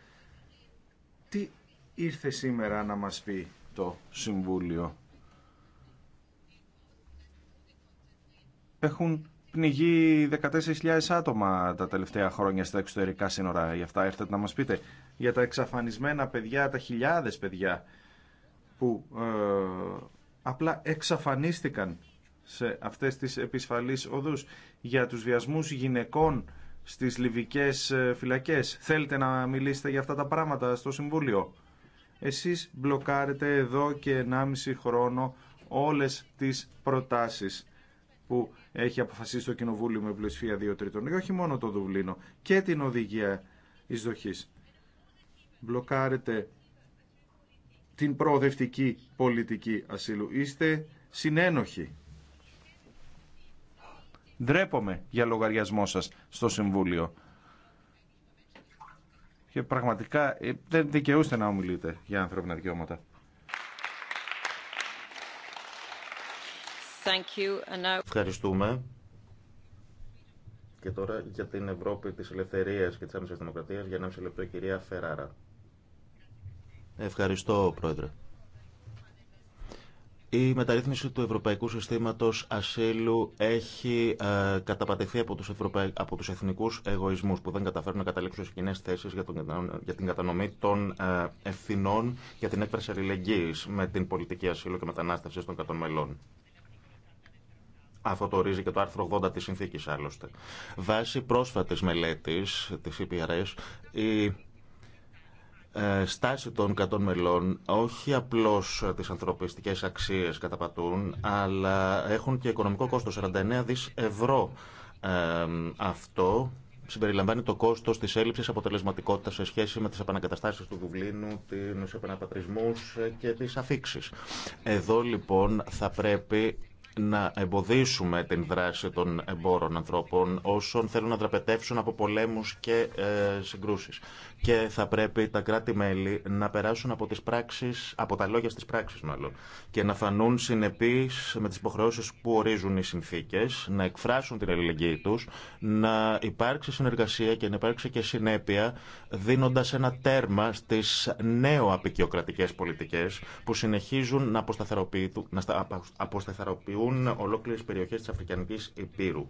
τι ήρθε σήμερα να μας πει το Συμβούλιο. Έχουν πνιγεί 14.000 άτομα τα τελευταία χρόνια στα εξωτερικά σύνορα. Γι' αυτά έρθετε να μας πείτε. Για τα εξαφανισμένα παιδιά, τα χιλιάδες παιδιά που ε, απλά εξαφανίστηκαν σε αυτές τις επισφαλείς οδούς για τους βιασμούς γυναικών στις λιβικές ε, φυλακές. Θέλετε να μιλήσετε για αυτά τα πράγματα στο Συμβούλιο. Εσείς μπλοκάρετε εδώ και 1,5 χρόνο όλες τις προτάσεις που έχει αποφασίσει το Κοινοβούλιο με πλειοψηφία 2 τρίτων. Και όχι μόνο το Δουβλίνο και την οδηγία εισδοχής. Μπλοκάρετε την προοδευτική πολιτική ασύλου. Είστε συνένοχοι Δρέπομαι για λογαριασμό σας στο Συμβούλιο. Και πραγματικά ε, δεν δικαιούστε να ομιλείτε για ανθρώπινα δικαιώματα. Ευχαριστούμε. Και τώρα για την Ευρώπη της Ελευθερίας και της Άμεσης Δημοκρατίας για να λεπτό η κυρία Φεράρα. Ευχαριστώ, Πρόεδρε. Η μεταρρύθμιση του Ευρωπαϊκού Συστήματος Ασύλου έχει ε, καταπατηθεί από τους, Ευρωπαϊ... από εθνικούς εγωισμούς που δεν καταφέρουν να καταλήξουν σε κοινές θέσεις για, τον... για την κατανομή των ε, ευθυνών για την έκφραση αλληλεγγύης με την πολιτική ασύλου και μετανάστευση των κατών Αυτό το ορίζει και το άρθρο 80 της συνθήκης άλλωστε. Βάσει πρόσφατης μελέτης της EPRS, η ε, στάση των 100 μελών όχι απλώς τις ανθρωπιστικές αξίες καταπατούν, αλλά έχουν και οικονομικό κόστος, 49 δις ευρώ. Ε, αυτό συμπεριλαμβάνει το κόστος της έλλειψης αποτελεσματικότητας σε σχέση με τις επανακαταστάσεις του Δουβλίνου, τους επαναπατρισμούς και τις αφήξεις. Εδώ λοιπόν θα πρέπει να εμποδίσουμε την δράση των εμπόρων ανθρώπων όσων θέλουν να δραπετεύσουν από πολέμους και ε, συγκρούσεις και θα πρέπει τα κράτη-μέλη να περάσουν από, τις πράξεις, από τα λόγια στις πράξεις μάλλον και να φανούν συνεπείς με τις υποχρεώσεις που ορίζουν οι συνθήκες, να εκφράσουν την ελληνική τους, να υπάρξει συνεργασία και να υπάρξει και συνέπεια δίνοντας ένα τέρμα στις νέο απεικιοκρατικές πολιτικές που συνεχίζουν να, να αποσταθεροποιούν ολόκληρες περιοχές της Αφρικανικής Υπήρου.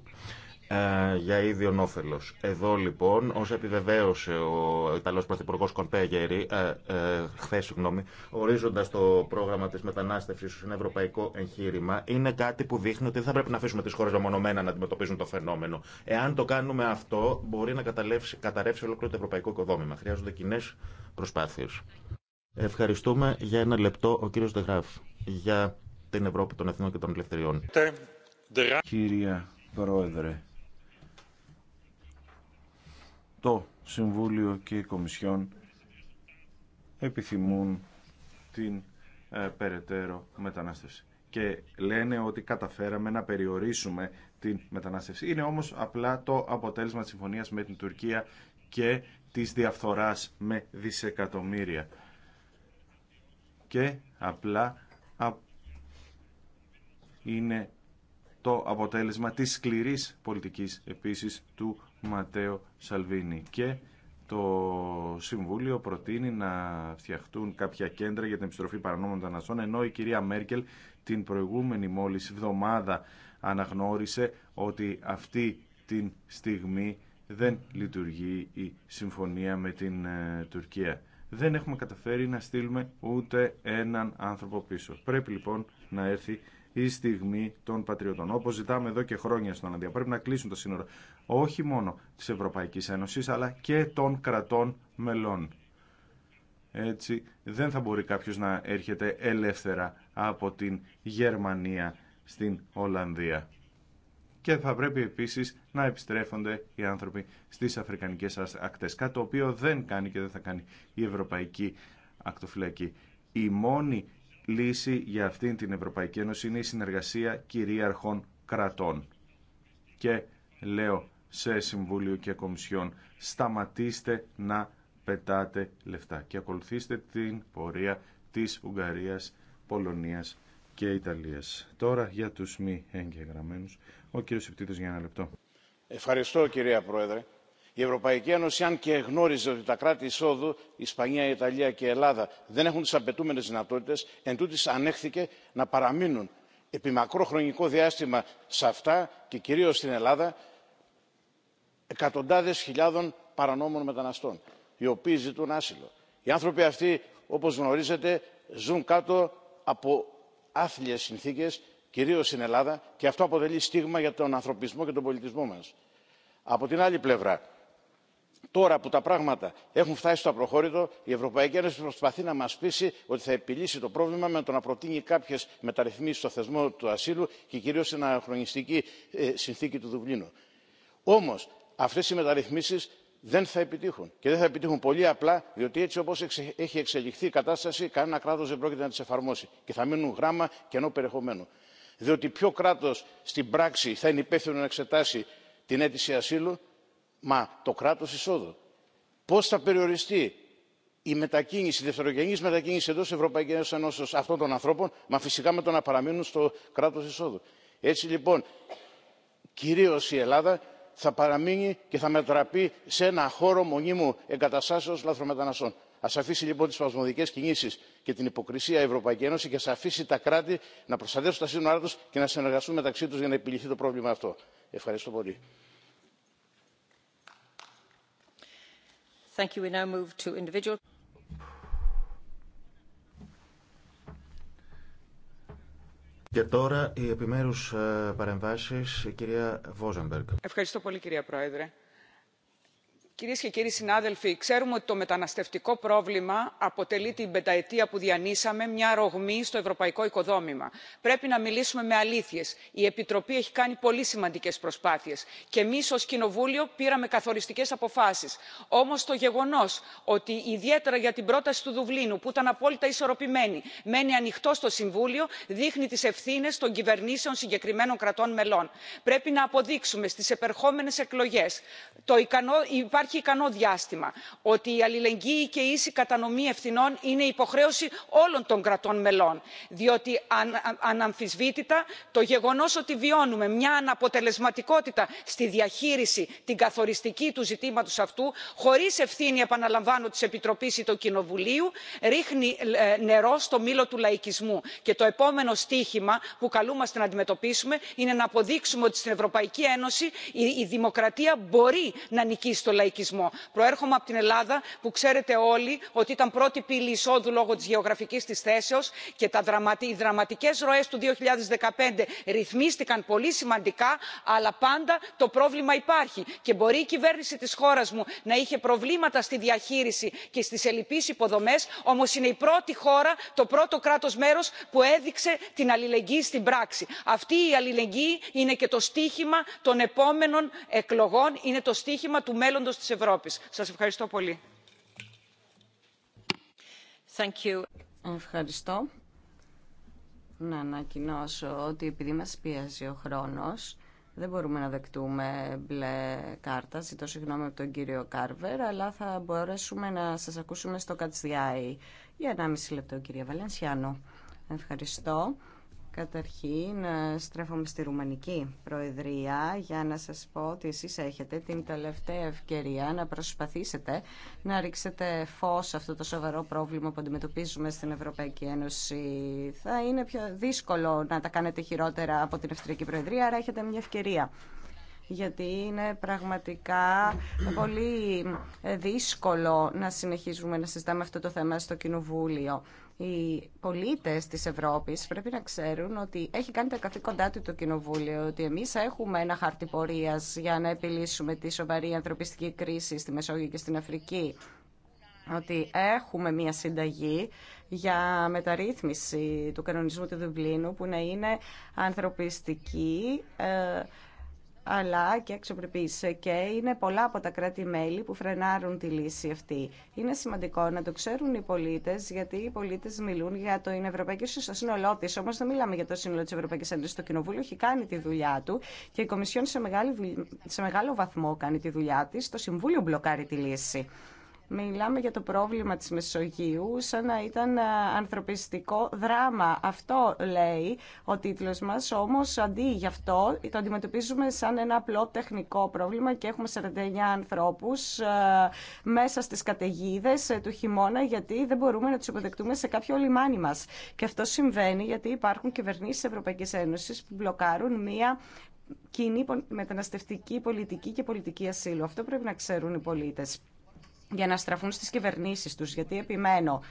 Ε, για ίδιον όφελο. Εδώ λοιπόν, ω επιβεβαίωσε ο Ιταλό Πρωθυπουργό Κονπέγερη, ε, ε, χθε, συγγνώμη, ορίζοντα το πρόγραμμα τη μετανάστευση ω ένα ευρωπαϊκό εγχείρημα, είναι κάτι που δείχνει ότι δεν θα πρέπει να αφήσουμε τι χώρε μεμονωμένα να αντιμετωπίζουν το φαινόμενο. Εάν το κάνουμε αυτό, μπορεί να καταρρεύσει ολόκληρο το ευρωπαϊκό οικοδόμημα. Χρειάζονται κοινέ προσπάθειε. Ευχαριστούμε για ένα λεπτό ο κύριο Δεγράφ για την Ευρώπη των Εθνών και των Ελευθεριών. Κύριε Πρόεδρε, το Συμβούλιο και η Κομισιόν επιθυμούν την ε, περαιτέρω μετανάστευση. Και λένε ότι καταφέραμε να περιορίσουμε την μετανάστευση. Είναι όμως απλά το αποτέλεσμα της συμφωνίας με την Τουρκία και της διαφθοράς με δισεκατομμύρια. Και απλά είναι το αποτέλεσμα της σκληρής πολιτικής επίσης του Ματέο Σαλβίνη και το Συμβούλιο προτείνει να φτιαχτούν κάποια κέντρα για την επιστροφή παρανόμων μεταναστών, ενώ η κυρία Μέρκελ την προηγούμενη μόλις εβδομάδα αναγνώρισε ότι αυτή την στιγμή δεν λειτουργεί η συμφωνία με την ε, Τουρκία. Δεν έχουμε καταφέρει να στείλουμε ούτε έναν άνθρωπο πίσω. Πρέπει λοιπόν να έρθει η στιγμή των πατριωτών. Όπω ζητάμε εδώ και χρόνια στον Ολλανδία. Πρέπει να κλείσουν τα σύνορα όχι μόνο τη Ευρωπαϊκή Ένωση αλλά και των κρατών μελών. Έτσι δεν θα μπορεί κάποιο να έρχεται ελεύθερα από την Γερμανία στην Ολλανδία. Και θα πρέπει επίσης να επιστρέφονται οι άνθρωποι στις αφρικανικές ακτές, κάτι το οποίο δεν κάνει και δεν θα κάνει η Ευρωπαϊκή Ακτοφυλακή. Η μόνη λύση για αυτήν την Ευρωπαϊκή Ένωση είναι η συνεργασία κυρίαρχων κρατών. Και λέω σε Συμβούλιο και Κομισιόν, σταματήστε να πετάτε λεφτά και ακολουθήστε την πορεία της Ουγγαρίας, Πολωνίας και Ιταλίας. Τώρα για τους μη εγγεγραμμένους, ο κύριος Επτήτος για ένα λεπτό. Ευχαριστώ κυρία Πρόεδρε η ευρωπαϊκή ένωση αν και γνώριζε ότι τα κράτη εισόδου ισπανία ιταλία και ελλάδα δεν έχουν τις απαιτούμενες δυνατότητες εντούτοις ανέχθηκε να παραμείνουν επί μακρό χρονικό διάστημα σε αυτά και κυρίως στην ελλάδα εκατοντάδες χιλιάδων παρανόμων μεταναστών οι οποίοι ζητούν άσυλο. οι άνθρωποι αυτοί όπως γνωρίζετε ζουν κάτω από άθλιες συνθήκες κυρίως στην ελλάδα και αυτό αποτελεί στίγμα για τον ανθρωπισμό και τον πολιτισμό μας. από την άλλη πλευρά τώρα που τα πράγματα έχουν φτάσει στο απροχώρητο η ευρωπαϊκή ένωση προσπαθεί να μας πείσει ότι θα επιλύσει το πρόβλημα με το να προτείνει κάποιες μεταρρυθμίσεις στο θεσμό του ασύλου και κυρίως στην αναχρονιστική ε, συνθήκη του δουβλίνου. όμως αυτές οι μεταρρυθμίσεις δεν θα επιτύχουν και δεν θα επιτύχουν πολύ απλά διότι έτσι όπως έχει εξελιχθεί η κατάσταση κανένα κράτος δεν πρόκειται να τις εφαρμόσει και θα μείνουν γράμμα και κενό περιεχομένου. διότι ποιο κράτος στην πράξη θα είναι υπεύθυνο να εξετάσει την αίτηση ασύλου; Μα το κράτο εισόδου Πώ θα περιοριστεί η μετακίνηση, η δευτερογενή μετακίνηση εντό Ευρωπαϊκή Ένωση αυτών των ανθρώπων, μα φυσικά με το να παραμείνουν στο κράτο εισόδου. Έτσι λοιπόν, κυρίω η Ελλάδα θα παραμείνει και θα μετατραπεί σε ένα χώρο μονίμου εγκαταστάσεω λαθρομεταναστών. Α αφήσει λοιπόν τι σπασμωδικέ κινήσει και την υποκρισία η Ευρωπαϊκή Ένωση και α αφήσει τα κράτη να προστατεύσουν τα σύνορά του και να συνεργαστούν μεταξύ του για να επιληθεί το πρόβλημα αυτό. Ευχαριστώ πολύ. Και τώρα οι επιμέρους ε, παρεμβάσεις, η κυρία Βόζενμπεργκ. Ευχαριστώ πολύ κυρία Πρόεδρε κυρίε και κύριοι συνάδελφοι ξέρουμε ότι το μεταναστευτικό πρόβλημα αποτελεί την πενταετία που διανύσαμε μια ρογμή στο ευρωπαϊκό οικοδόμημα. πρέπει να μιλήσουμε με αλήθειε. η επιτροπή έχει κάνει πολύ σημαντικέ προσπάθειε και εμεί ω κοινοβούλιο πήραμε καθοριστικέ αποφάσει. όμω το γεγονό ότι ιδιαίτερα για την πρόταση του δουβλίνου που ήταν απόλυτα ισορροπημένη μένει ανοιχτό στο συμβούλιο δείχνει τι ευθύνε των κυβερνήσεων συγκεκριμένων κρατών μελών. πρέπει να αποδείξουμε στι επερχόμενε εκλογέ υπάρχει ικανό διάστημα ότι η αλληλεγγύη και η ίση κατανομή ευθυνών είναι υποχρέωση όλων των κρατών μελών διότι αναμφισβήτητα το γεγονός ότι βιώνουμε μια αναποτελεσματικότητα στη διαχείριση την καθοριστική του ζητήματος αυτού χωρίς ευθύνη επαναλαμβάνω της επιτροπής ή του κοινοβουλίου ρίχνει ε, νερό στο μήλο του λαϊκισμού και το επόμενο στίχημα που καλούμαστε να αντιμετωπίσουμε είναι να αποδείξουμε ότι στην ευρωπαϊκή ένωση η δημοκρατία μπορεί να νικήσει το λαϊκισμό λαϊκισμό. προέρχομαι από την ελλάδα που ξέρετε όλοι ότι ήταν πρώτη πύλη εισόδου λόγω της γεωγραφικής της θέσεως και οι δραματικές ροές του 2015 ρυθμίστηκαν πολύ σημαντικά αλλά πάντα το πρόβλημα υπάρχει και μπορεί η κυβέρνηση της χώρας μου να είχε προβλήματα στη διαχείριση και στις ελλειπείς υποδομές όμως είναι η πρώτη χώρα το πρώτο κράτος μέρος που έδειξε την αλληλεγγύη στην πράξη. αυτή η αλληλεγγύη είναι και το στίχημα των επόμενων εκλογών είναι το στίχημα του μέλλοντος της Ευρώπης. Σας ευχαριστώ πολύ. Ευχαριστώ. Να ανακοινώσω ότι επειδή μας πιέζει ο χρόνος, δεν μπορούμε να δεκτούμε μπλε κάρτα. Ζητώ συγγνώμη από τον κύριο Κάρβερ, αλλά θα μπορέσουμε να σας ακούσουμε στο Κατσδιάι. Για 1,5 λεπτό, κύριε Βαλενσιάνο. Ευχαριστώ. Καταρχήν, ε, στρέφομαι στη Ρουμανική Προεδρία για να σας πω ότι εσείς έχετε την τελευταία ευκαιρία να προσπαθήσετε να ρίξετε φως σε αυτό το σοβαρό πρόβλημα που αντιμετωπίζουμε στην Ευρωπαϊκή Ένωση. Θα είναι πιο δύσκολο να τα κάνετε χειρότερα από την Ευστρική Προεδρία, άρα έχετε μια ευκαιρία γιατί είναι πραγματικά πολύ δύσκολο να συνεχίζουμε να συζητάμε αυτό το θέμα στο Κοινοβούλιο οι πολίτες της Ευρώπης πρέπει να ξέρουν ότι έχει κάνει τα καθήκοντά του το Κοινοβούλιο, ότι εμείς έχουμε ένα χάρτη πορεία για να επιλύσουμε τη σοβαρή ανθρωπιστική κρίση στη Μεσόγειο και στην Αφρική ότι έχουμε μία συνταγή για μεταρρύθμιση του κανονισμού του Δουβλίνου που να είναι ανθρωπιστική ε, αλλά και αξιοπρεπής και είναι πολλά από τα κράτη-μέλη που φρενάρουν τη λύση αυτή. Είναι σημαντικό να το ξέρουν οι πολίτες, γιατί οι πολίτες μιλούν για το είναι Ευρωπαϊκή στο σύνολό τη. Όμως δεν μιλάμε για το σύνολο της Ευρωπαϊκής Ένωσης. Το Κοινοβούλιο έχει κάνει τη δουλειά του και η Κομισιόν σε, μεγάλο βαθμό κάνει τη δουλειά της. Το Συμβούλιο μπλοκάρει τη λύση. Μιλάμε για το πρόβλημα της Μεσογείου σαν να ήταν ε, ανθρωπιστικό δράμα. Αυτό λέει ο τίτλος μας, όμως αντί γι' αυτό το αντιμετωπίζουμε σαν ένα απλό τεχνικό πρόβλημα και έχουμε 49 ανθρώπους ε, μέσα στις καταιγίδε ε, του χειμώνα γιατί δεν μπορούμε να τους υποδεκτούμε σε κάποιο λιμάνι μας. Και αυτό συμβαίνει γιατί υπάρχουν κυβερνήσεις Ευρωπαϊκής Ένωσης που μπλοκάρουν μία κοινή μεταναστευτική πολιτική και πολιτική ασύλου. Αυτό πρέπει να ξέρουν οι πολίτες για να στραφούν στις κυβερνήσεις τους. Γιατί επιμένω,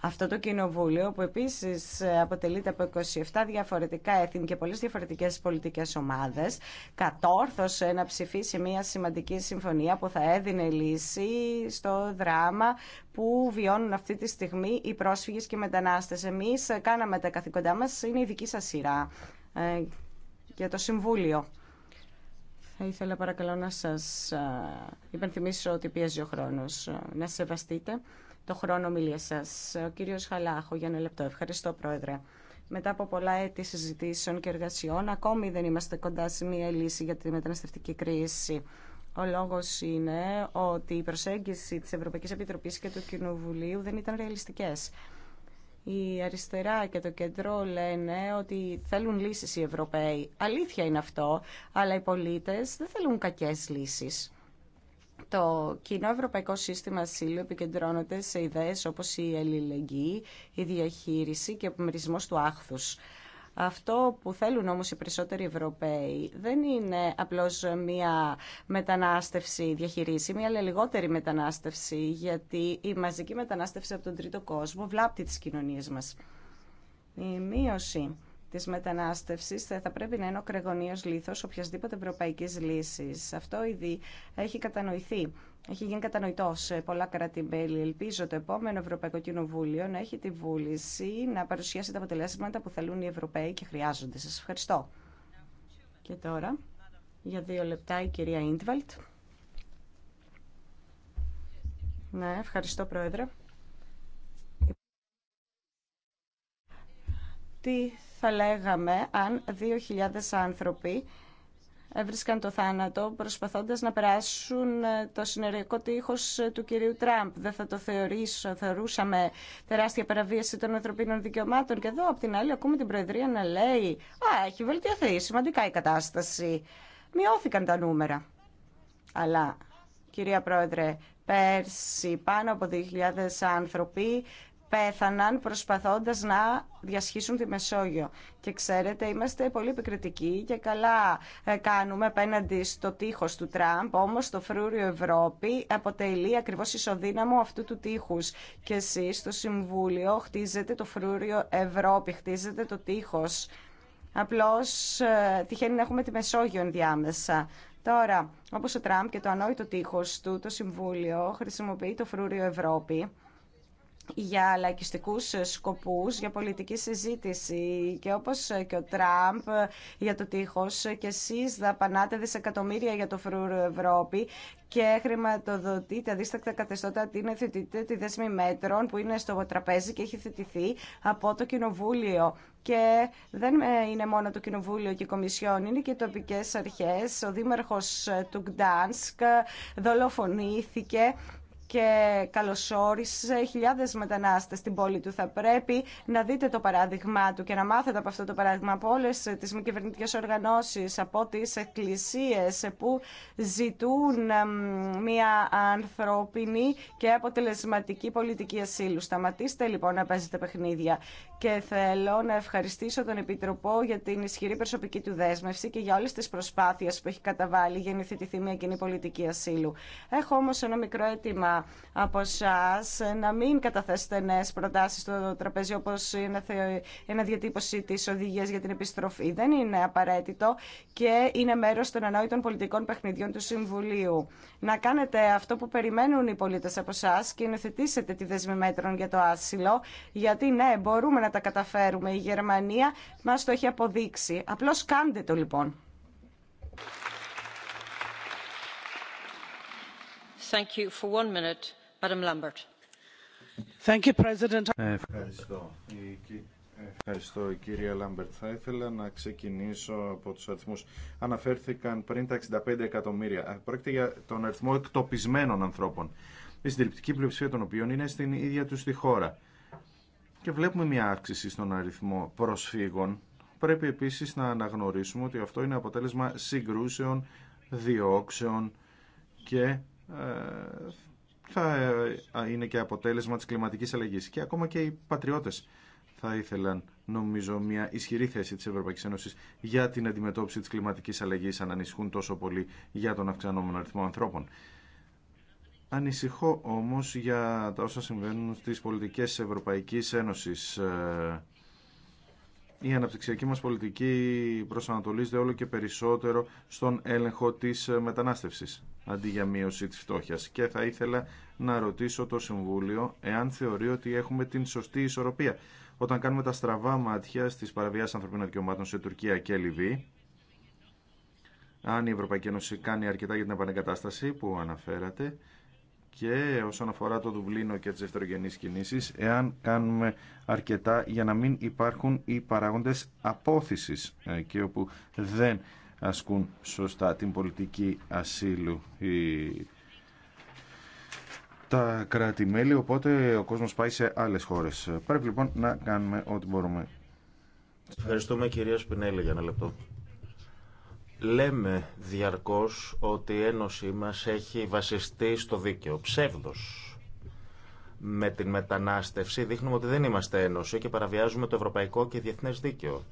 αυτό το κοινοβούλιο που επίσης αποτελείται από 27 διαφορετικά έθνη και πολλές διαφορετικές πολιτικές ομάδες κατόρθωσε να ψηφίσει μια σημαντική συμφωνία που θα έδινε λύση στο δράμα που βιώνουν αυτή τη στιγμή οι πρόσφυγες και οι μετανάστες. Εμείς κάναμε τα καθήκοντά μας, είναι η δική σας σειρά ε, για το Συμβούλιο. Θα ήθελα παρακαλώ να σας υπενθυμίσω ότι πιέζει ο χρόνος. Να σεβαστείτε το χρόνο ομιλία σας. Ο κύριος Χαλάχο, για ένα λεπτό. Ευχαριστώ, Πρόεδρε. Μετά από πολλά έτη συζητήσεων και εργασιών, ακόμη δεν είμαστε κοντά σε μία λύση για τη μεταναστευτική κρίση. Ο λόγος είναι ότι η προσέγγιση της Ευρωπαϊκής Επιτροπής και του Κοινοβουλίου δεν ήταν ρεαλιστικές. Η αριστερά και το κεντρό λένε ότι θέλουν λύσεις οι Ευρωπαίοι. Αλήθεια είναι αυτό, αλλά οι πολίτες δεν θέλουν κακές λύσεις. Το κοινό ευρωπαϊκό σύστημα ασύλου επικεντρώνεται σε ιδέες όπως η ελληλεγγύη, η διαχείριση και ο επιμερισμός του άχθους. Αυτό που θέλουν όμως οι περισσότεροι Ευρωπαίοι δεν είναι απλώς μια μετανάστευση διαχειρίσιμη, αλλά λιγότερη μετανάστευση, γιατί η μαζική μετανάστευση από τον τρίτο κόσμο βλάπτει τις κοινωνίες μας. Η μείωση Τη μετανάστευση θα πρέπει να είναι ο κρεγονίο λίθος οποιασδήποτε ευρωπαϊκή λύση. Αυτό ήδη έχει κατανοηθεί. Έχει γίνει κατανοητό σε πολλά κράτη-μέλη. Ελπίζω το επόμενο Ευρωπαϊκό Κοινοβούλιο να έχει τη βούληση να παρουσιάσει τα αποτελέσματα που θέλουν οι Ευρωπαίοι και χρειάζονται. σα. ευχαριστώ. Και τώρα, για δύο λεπτά η κυρία Ιντβαλτ. Ναι, ευχαριστώ Πρόεδρε. Τι θα λέγαμε αν 2.000 άνθρωποι έβρισκαν το θάνατο προσπαθώντας να περάσουν ε, το συνεργικό τείχος ε, του κυρίου Τραμπ. Δεν θα το θεωρήσω, θεωρούσαμε τεράστια παραβίαση των ανθρωπίνων δικαιωμάτων. Και εδώ, απ' την άλλη, ακούμε την Προεδρία να λέει «Α, έχει βελτιωθεί σημαντικά η κατάσταση. Μειώθηκαν τα νούμερα». Αλλά, κυρία Πρόεδρε, πέρσι πάνω από 2.000 άνθρωποι πέθαναν προσπαθώντας να διασχίσουν τη Μεσόγειο. Και ξέρετε, είμαστε πολύ επικριτικοί και καλά ε, κάνουμε απέναντι στο τείχος του Τραμπ, όμως το φρούριο Ευρώπη αποτελεί ακριβώς ισοδύναμο αυτού του τείχους. Και εσείς στο Συμβούλιο χτίζετε το φρούριο Ευρώπη, χτίζετε το τείχος. Απλώς ε, τυχαίνει να έχουμε τη Μεσόγειο ενδιάμεσα. Τώρα, όπως ο Τραμπ και το ανόητο τείχος του, το Συμβούλιο χρησιμοποιεί το φρούριο Ευρώπη για λαϊκιστικούς σκοπούς, για πολιτική συζήτηση και όπως και ο Τραμπ για το τείχος και εσείς δαπανάτε δισεκατομμύρια για το φρούρο Ευρώπη και χρηματοδοτεί τα δίστακτα καθεστώτα ότι είναι τη δέσμη μέτρων που είναι στο τραπέζι και έχει θετηθεί από το Κοινοβούλιο. Και δεν είναι μόνο το Κοινοβούλιο και η Κομισιόν, είναι και οι τοπικές αρχές. Ο δήμαρχος του Γκτάνσκ δολοφονήθηκε και καλωσόρισε χιλιάδες μετανάστες στην πόλη του. Θα πρέπει να δείτε το παράδειγμα του και να μάθετε από αυτό το παράδειγμα από όλες τις μη κυβερνητικές οργανώσεις, από τις εκκλησίες που ζητούν μια ανθρωπινή και αποτελεσματική πολιτική ασύλου. Σταματήστε λοιπόν να παίζετε παιχνίδια και θέλω να ευχαριστήσω τον Επίτροπο για την ισχυρή προσωπική του δέσμευση και για όλες τις προσπάθειες που έχει καταβάλει για να μια κοινή πολιτική ασύλου. Έχω όμως ένα μικρό αίτημα από εσά να μην καταθέσετε νέε προτάσει στο τραπέζι όπω είναι ένα διατύπωση τη οδηγία για την επιστροφή. Δεν είναι απαραίτητο και είναι μέρο των ανόητων πολιτικών παιχνιδιών του Συμβουλίου. Να κάνετε αυτό που περιμένουν οι πολίτε από εσά και θετήσετε τη δεσμή μέτρων για το άσυλο, γιατί ναι, μπορούμε να τα καταφέρουμε. Η Γερμανία μα το έχει αποδείξει. Απλώ κάντε το λοιπόν. Ευχαριστώ. κύριε Λάμπερτ. Θα ήθελα να ξεκινήσω από τους αριθμούς. Αναφέρθηκαν πριν τα 65 εκατομμύρια. Πρόκειται για τον αριθμό εκτοπισμένων ανθρώπων. Η συντριπτική πλειοψηφία των οποίων είναι στην ίδια τους τη χώρα. Και βλέπουμε μια αύξηση στον αριθμό προσφύγων. Πρέπει επίσης να αναγνωρίσουμε ότι αυτό είναι αποτέλεσμα συγκρούσεων, διώξεων και ε, θα ε, είναι και αποτέλεσμα της κλιματικής αλλαγής. Και ακόμα και οι πατριώτες θα ήθελαν, νομίζω, μια ισχυρή θέση της Ευρωπαϊκής Ένωσης για την αντιμετώπιση της κλιματικής αλλαγής αν ανησυχούν τόσο πολύ για τον αυξανόμενο αριθμό ανθρώπων. Ανησυχώ όμως για τα όσα συμβαίνουν στις πολιτικές Ευρωπαϊκής Ένωσης. Ε, η αναπτυξιακή μας πολιτική προσανατολίζεται όλο και περισσότερο στον έλεγχο της μετανάστευσης αντί για μείωση της φτώχειας. Και θα ήθελα να ρωτήσω το Συμβούλιο εάν θεωρεί ότι έχουμε την σωστή ισορροπία. Όταν κάνουμε τα στραβά μάτια στις παραβιάσεις ανθρωπίνων δικαιωμάτων σε Τουρκία και Λιβύη, αν η Ευρωπαϊκή Ένωση κάνει αρκετά για την επανεγκατάσταση που αναφέρατε και όσον αφορά το Δουβλίνο και τις δευτερογενείς κινήσεις, εάν κάνουμε αρκετά για να μην υπάρχουν οι παράγοντες απόθυσης ε, και όπου δεν ασκούν σωστά την πολιτική ασύλου τα κράτη-μέλη, οπότε ο κόσμος πάει σε άλλες χώρες. Πρέπει λοιπόν να κάνουμε ό,τι μπορούμε. Ευχαριστούμε κυρία Σπινέλη για ένα λεπτό. Λέμε διαρκώς ότι η Ένωσή μας έχει βασιστεί στο δίκαιο. Ψεύδος. Με την μετανάστευση δείχνουμε ότι δεν είμαστε Ένωση και παραβιάζουμε το ευρωπαϊκό και διεθνές δίκαιο.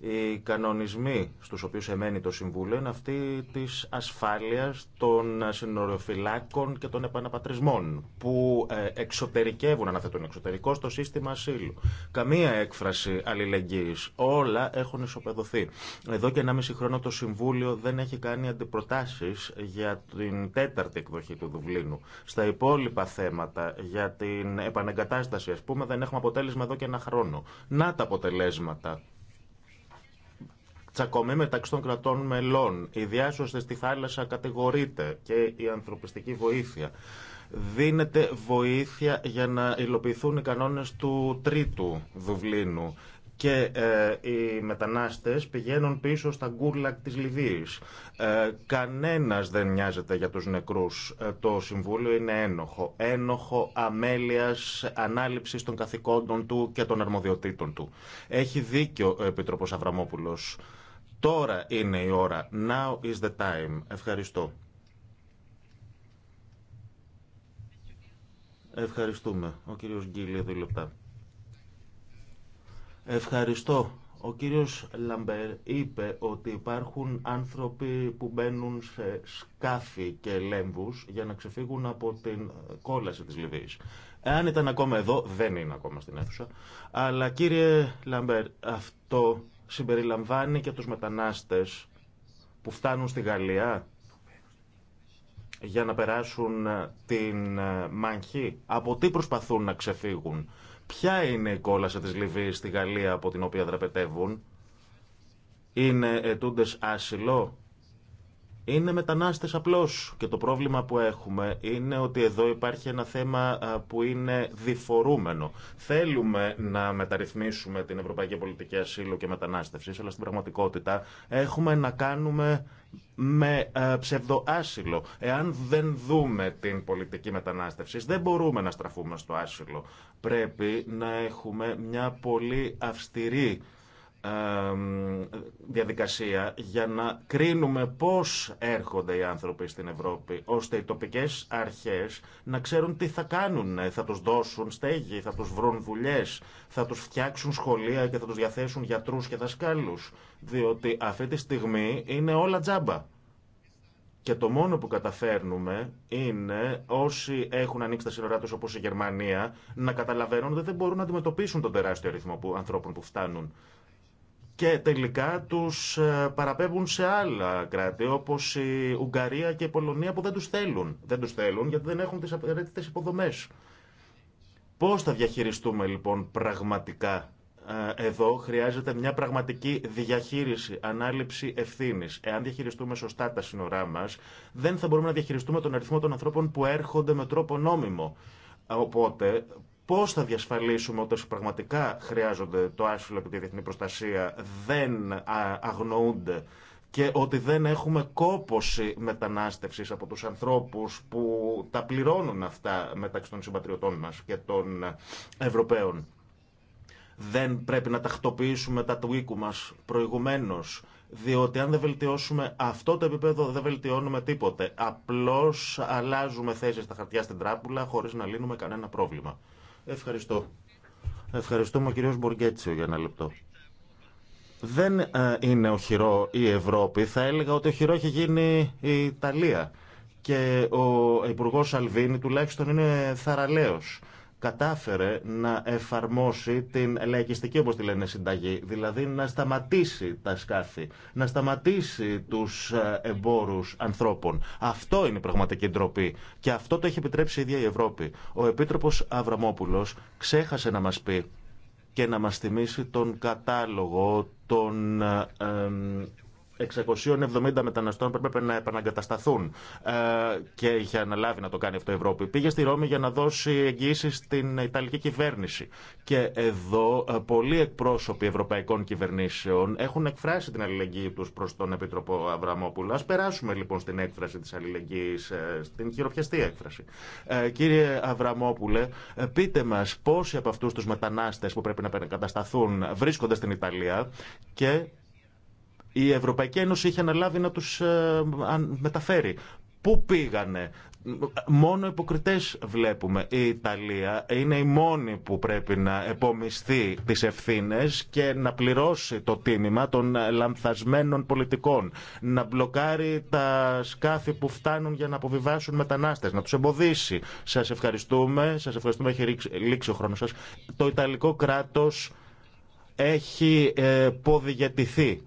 Οι κανονισμοί στους οποίους εμένει το Συμβούλιο είναι αυτοί της ασφάλειας των συνοριοφυλάκων και των επαναπατρισμών που ε, εξωτερικεύουν, αναθέτουν εξωτερικό στο σύστημα ασύλου. Καμία έκφραση αλληλεγγύης. Όλα έχουν ισοπεδωθεί. Εδώ και μισή χρόνο το Συμβούλιο δεν έχει κάνει αντιπροτάσεις για την τέταρτη εκδοχή του Δουβλίνου. Στα υπόλοιπα θέματα για την επανεγκατάσταση ας πούμε δεν έχουμε αποτέλεσμα εδώ και ένα χρόνο. Να τα αποτελέσματα τσακωμή μεταξύ των κρατών μελών, η διάσωση στη θάλασσα κατηγορείται και η ανθρωπιστική βοήθεια. Δίνεται βοήθεια για να υλοποιηθούν οι κανόνες του τρίτου Δουβλίνου και ε, οι μετανάστες πηγαίνουν πίσω στα γκούρλακ της Λιβύης. Ε, κανένας δεν νοιάζεται για τους νεκρούς. Ε, το Συμβούλιο είναι ένοχο. Ένοχο αμέλειας ανάληψης των καθηκόντων του και των αρμοδιοτήτων του. Έχει δίκιο ο Επίτροπος Αβραμόπουλος. Τώρα είναι η ώρα. Now is the time. Ευχαριστώ. Ευχαριστούμε. Ο κύριος Γκίλη, δύο λεπτά. Ευχαριστώ. Ο κύριος Λαμπέρ είπε ότι υπάρχουν άνθρωποι που μπαίνουν σε σκάφη και λέμβους για να ξεφύγουν από την κόλαση της Λιβύης. Εάν ήταν ακόμα εδώ, δεν είναι ακόμα στην αίθουσα. Αλλά κύριε Λαμπέρ, αυτό συμπεριλαμβάνει και τους μετανάστες που φτάνουν στη Γαλλία για να περάσουν ε, την ε, μάχη Από τι προσπαθούν να ξεφύγουν. Ποια είναι η κόλαση της Λιβύης στη Γαλλία από την οποία δραπετεύουν. Είναι ετούντες άσυλο είναι μετανάστες απλώς και το πρόβλημα που έχουμε είναι ότι εδώ υπάρχει ένα θέμα που είναι διφορούμενο. Θέλουμε να μεταρρυθμίσουμε την Ευρωπαϊκή Πολιτική Ασύλου και Μετανάστευσης, αλλά στην πραγματικότητα έχουμε να κάνουμε με ψευδοάσυλο. Εάν δεν δούμε την πολιτική μετανάστευση, δεν μπορούμε να στραφούμε στο άσυλο. Πρέπει να έχουμε μια πολύ αυστηρή διαδικασία για να κρίνουμε πώς έρχονται οι άνθρωποι στην Ευρώπη, ώστε οι τοπικές αρχές να ξέρουν τι θα κάνουν, ε, θα τους δώσουν στέγη, θα τους βρουν δουλειές, θα τους φτιάξουν σχολεία και θα τους διαθέσουν γιατρούς και δασκάλους, διότι αυτή τη στιγμή είναι όλα τζάμπα. Και το μόνο που καταφέρνουμε είναι όσοι έχουν ανοίξει τα σύνορά του, όπω η Γερμανία, να καταλαβαίνουν ότι δεν μπορούν να αντιμετωπίσουν τον τεράστιο αριθμό ανθρώπων που φτάνουν και τελικά τους ε, παραπέμπουν σε άλλα κράτη όπως η Ουγγαρία και η Πολωνία που δεν τους θέλουν. Δεν τους θέλουν γιατί δεν έχουν τις απαραίτητες υποδομές. Πώς θα διαχειριστούμε λοιπόν πραγματικά ε, εδώ χρειάζεται μια πραγματική διαχείριση, ανάληψη ευθύνη. Εάν διαχειριστούμε σωστά τα σύνορά μα, δεν θα μπορούμε να διαχειριστούμε τον αριθμό των ανθρώπων που έρχονται με τρόπο νόμιμο. Οπότε Πώ θα διασφαλίσουμε ότι όσοι πραγματικά χρειάζονται το άσυλο και τη διεθνή προστασία δεν αγνοούνται και ότι δεν έχουμε κόποση μετανάστευση από του ανθρώπου που τα πληρώνουν αυτά μεταξύ των συμπατριωτών μα και των Ευρωπαίων. Δεν πρέπει να τακτοποιήσουμε τα του οίκου μας προηγουμένως, διότι αν δεν βελτιώσουμε αυτό το επίπεδο δεν βελτιώνουμε τίποτε. Απλώς αλλάζουμε θέσεις στα χαρτιά στην τράπουλα χωρίς να λύνουμε κανένα πρόβλημα. Ευχαριστώ. Ευχαριστούμε ο κύριος Μποργκέτσιο για ένα λεπτό. Δεν ε, είναι ο χειρό η Ευρώπη. Θα έλεγα ότι ο χειρό έχει γίνει η Ιταλία. Και ο Υπουργό Αλβίνη τουλάχιστον είναι θαραλέος κατάφερε να εφαρμόσει την λαϊκιστική, όπως τη λένε, συνταγή. Δηλαδή να σταματήσει τα σκάφη, να σταματήσει τους ε, εμπόρους ανθρώπων. Αυτό είναι η πραγματική ντροπή. Και αυτό το έχει επιτρέψει η ίδια η Ευρώπη. Ο Επίτροπος Αβραμόπουλος ξέχασε να μας πει και να μας θυμίσει τον κατάλογο των ε, ε, 670 μεταναστών πρέπει να επαναγκατασταθούν ε, και είχε αναλάβει να το κάνει αυτό η Ευρώπη. Πήγε στη Ρώμη για να δώσει εγγύηση στην Ιταλική κυβέρνηση. Και εδώ ε, πολλοί εκπρόσωποι ευρωπαϊκών κυβερνήσεων έχουν εκφράσει την αλληλεγγύη του προ τον Επίτροπο Αβραμόπουλο. Α περάσουμε λοιπόν στην έκφραση τη αλληλεγγύη, ε, στην χειροπιαστή έκφραση. Κύριε Αβραμόπουλε, πείτε μα πόσοι από αυτού του μετανάστε που πρέπει να επαναγκατασταθούν βρίσκονται στην Ιταλία και η Ευρωπαϊκή Ένωση είχε αναλάβει να τους ε, μεταφέρει. Πού πήγανε. Μόνο υποκριτές βλέπουμε. Η Ιταλία είναι η μόνη που πρέπει να επομιστεί τις ευθύνες και να πληρώσει το τίμημα των λανθασμένων πολιτικών. Να μπλοκάρει τα σκάφη που φτάνουν για να αποβιβάσουν μετανάστες. Να τους εμποδίσει. Σας ευχαριστούμε. Σας ευχαριστούμε. Έχει λήξει ο χρόνος σας. Το Ιταλικό κράτος έχει ε,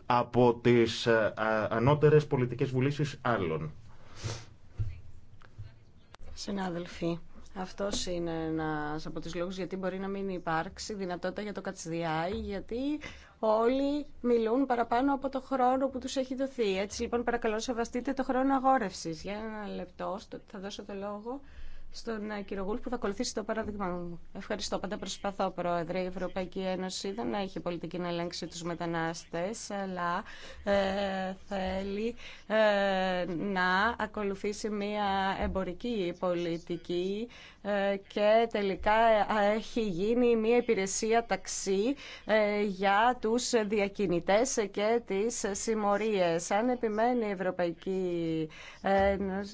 από τις ε, ανώτερες πολιτικές βουλήσεις άλλων. Συνάδελφοι, αυτό είναι ένα από του λόγου γιατί μπορεί να μην υπάρξει δυνατότητα για το κατσδιάι, γιατί όλοι μιλούν παραπάνω από το χρόνο που του έχει δοθεί. Έτσι λοιπόν, παρακαλώ, σεβαστείτε το χρόνο αγόρευση. Για ένα λεπτό, θα δώσω το λόγο στον ε, κύριο Γούλ που θα ακολουθήσει το παράδειγμα μου. Ευχαριστώ. Πάντα προσπαθώ, Πρόεδρε. Η Ευρωπαϊκή Ένωση δεν έχει πολιτική να ελέγξει τους μετανάστες, αλλά ε, θέλει ε, να ακολουθήσει μια εμπορική πολιτική και τελικά έχει γίνει μια υπηρεσία ταξί για τους διακινητές και τις συμμορίες. Αν επιμένει η Ευρωπαϊκή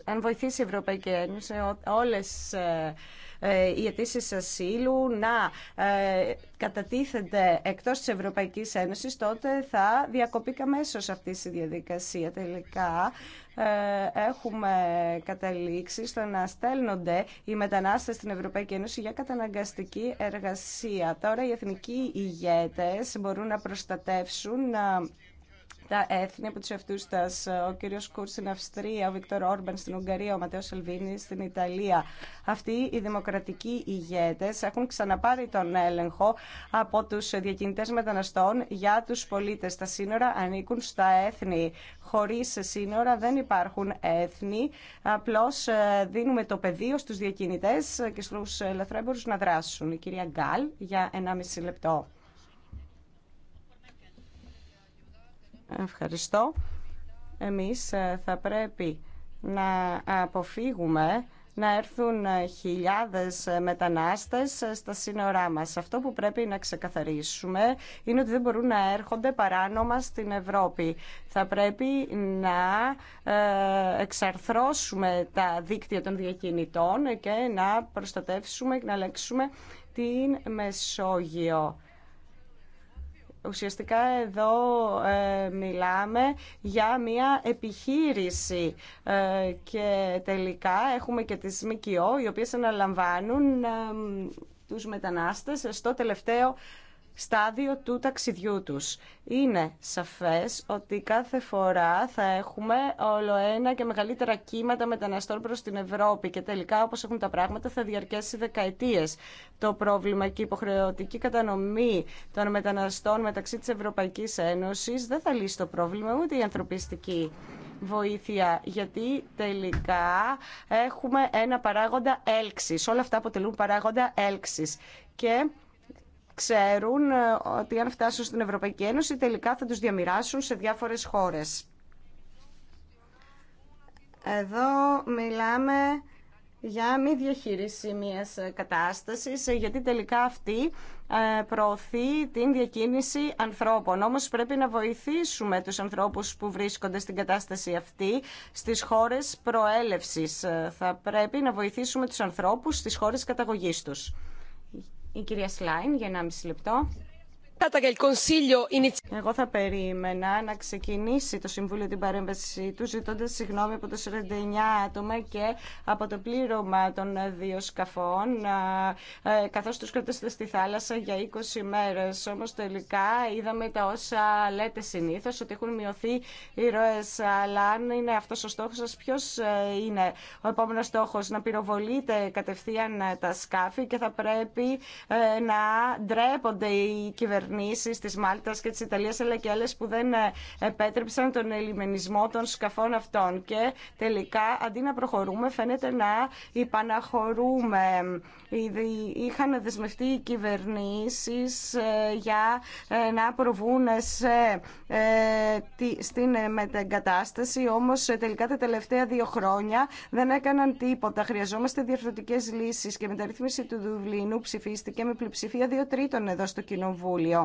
αν βοηθήσει η Ευρωπαϊκή Ένωση, όλες ε, ε, οι αιτήσει ασύλου να ε, κατατίθενται εκτός τη Ευρωπαϊκής Ένωσης, τότε θα διακοπεί καμέσω αυτή η διαδικασία. Τελικά έχουμε καταλήξει στο να στέλνονται οι μετανάστες στην Ευρωπαϊκή Ένωση για καταναγκαστική εργασία. Τώρα οι εθνικοί ηγέτες μπορούν να προστατεύσουν τα έθνη από του εαυτού σα, Ο κύριο Κούρ στην Αυστρία, ο Βίκτορ Όρμπαν στην Ουγγαρία, ο Ματέο Σελβίνη στην Ιταλία. Αυτοί οι δημοκρατικοί ηγέτε έχουν ξαναπάρει τον έλεγχο από του διακινητέ μεταναστών για του πολίτε. Τα σύνορα ανήκουν στα έθνη. Χωρί σύνορα δεν υπάρχουν έθνη. Απλώ ε, δίνουμε το πεδίο στου διακινητέ και στου λαθρέμπορου να δράσουν. Η κυρία Γκάλ για 1,5 λεπτό. Ευχαριστώ. Εμείς ε, θα πρέπει να αποφύγουμε να έρθουν ε, χιλιάδες ε, μετανάστες στα σύνορά μας. Αυτό που πρέπει να ξεκαθαρίσουμε είναι ότι δεν μπορούν να έρχονται παράνομα στην Ευρώπη. Θα πρέπει να εξαρθρώσουμε τα δίκτυα των διακινητών και να προστατεύσουμε και να ελέγξουμε την Μεσόγειο. Ουσιαστικά εδώ ε, μιλάμε για μια επιχείρηση ε, και τελικά έχουμε και τις ΜΚΟ οι οποίες αναλαμβάνουν ε, τους μετανάστες στο τελευταίο στάδιο του ταξιδιού τους. Είναι σαφές ότι κάθε φορά θα έχουμε όλο ένα και μεγαλύτερα κύματα μεταναστών προς την Ευρώπη και τελικά όπως έχουν τα πράγματα θα διαρκέσει δεκαετίες. Το πρόβλημα και η υποχρεωτική κατανομή των μεταναστών μεταξύ της Ευρωπαϊκής Ένωσης δεν θα λύσει το πρόβλημα ούτε η ανθρωπιστική βοήθεια γιατί τελικά έχουμε ένα παράγοντα έλξης. Όλα αυτά αποτελούν παράγοντα έλξης. Και ξέρουν ε, ότι αν φτάσουν στην Ευρωπαϊκή Ένωση τελικά θα τους διαμοιράσουν σε διάφορες χώρες. Εδώ μιλάμε για μη διαχείριση μιας κατάστασης, ε, γιατί τελικά αυτή ε, προωθεί την διακίνηση ανθρώπων. Όμως πρέπει να βοηθήσουμε τους ανθρώπους που βρίσκονται στην κατάσταση αυτή στις χώρες προέλευσης. Θα πρέπει να βοηθήσουμε τους ανθρώπους στις χώρες καταγωγής τους. Η κυρία Σλάιν για 1,5 λεπτό. Εγώ θα περίμενα να ξεκινήσει το Συμβούλιο την παρέμβασή του ζητώντα συγγνώμη από τα 49 άτομα και από το πλήρωμα των δύο σκαφών ε, καθώς τους κρατήσετε στη θάλασσα για 20 μέρες. Όμως τελικά είδαμε τα όσα λέτε συνήθως ότι έχουν μειωθεί οι ροές Αλλά αν είναι αυτός ο στόχος σα, ποιος ε, είναι ο επόμενος στόχος να πυροβολείτε κατευθείαν τα σκάφη και θα πρέπει ε, να ντρέπονται οι κυβερνήσει Τη της Μάλτας και της Ιταλίας αλλά και άλλε που δεν ε, επέτρεψαν τον ελιμενισμό των σκαφών αυτών και τελικά αντί να προχωρούμε φαίνεται να υπαναχωρούμε. Είχαν δεσμευτεί οι κυβερνήσει ε, για ε, να προβούν στην μετεγκατάσταση όμως τελικά τα τελευταία δύο χρόνια δεν έκαναν τίποτα. Χρειαζόμαστε διαφορετικές λύσει και μεταρρύθμιση του Δουβλίνου ψηφίστηκε με πλειοψηφία δύο τρίτων εδώ στο Κοινοβούλιο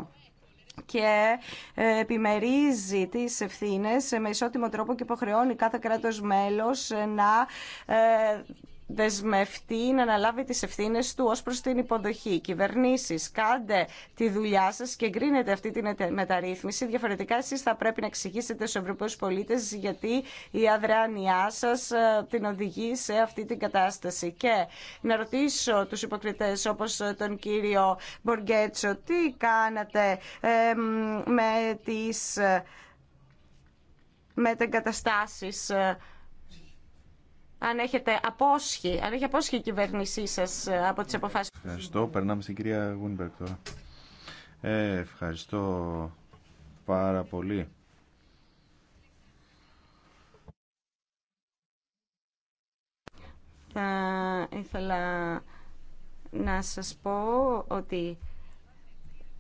και ε, επιμερίζει τις ευθύνες με ισότιμο τρόπο και υποχρεώνει κάθε κράτος μέλος να ε, δεσμευτεί να αναλάβει τις ευθύνες του ως προς την υποδοχή. Κυβερνήσεις, κάντε τη δουλειά σας και εγκρίνετε αυτή τη μεταρρύθμιση. Διαφορετικά εσείς θα πρέπει να εξηγήσετε στους Ευρωπαίους πολίτες γιατί η αδράνειά σας ε, την οδηγεί σε αυτή την κατάσταση. Και να ρωτήσω τους υποκριτές όπως ε, τον κύριο Μποργκέτσο τι κάνατε με τις ε, μετεγκαταστάσεις αν έχετε απόσχει, αν έχει απόσχει η κυβέρνησή σα ε, από τις αποφάσει. Ευχαριστώ. Περνάμε στην κυρία Γούνιμπερκ τώρα. Ε, ευχαριστώ πάρα πολύ. Θα ήθελα να σας πω ότι,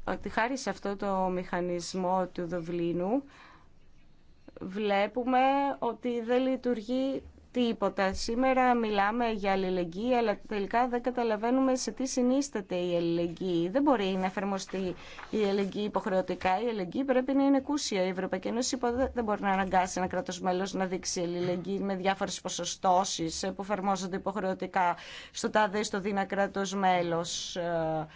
ότι χάρη σε αυτό το μηχανισμό του Δοβλίνου βλέπουμε ότι δεν λειτουργεί τίποτα. Σήμερα μιλάμε για αλληλεγγύη, αλλά τελικά δεν καταλαβαίνουμε σε τι συνίσταται η αλληλεγγύη. Δεν μπορεί να εφαρμοστεί η αλληλεγγύη υποχρεωτικά. Η αλληλεγγύη πρέπει να είναι κούσια. Η Ευρωπαϊκή Ένωση δεν μπορεί να αναγκάσει ένα κράτο μέλο να δείξει αλληλεγγύη με διάφορε ποσοστώσει που εφαρμόζονται υποχρεωτικά στο τάδε ή στο δίνα κράτο μέλο. Ε,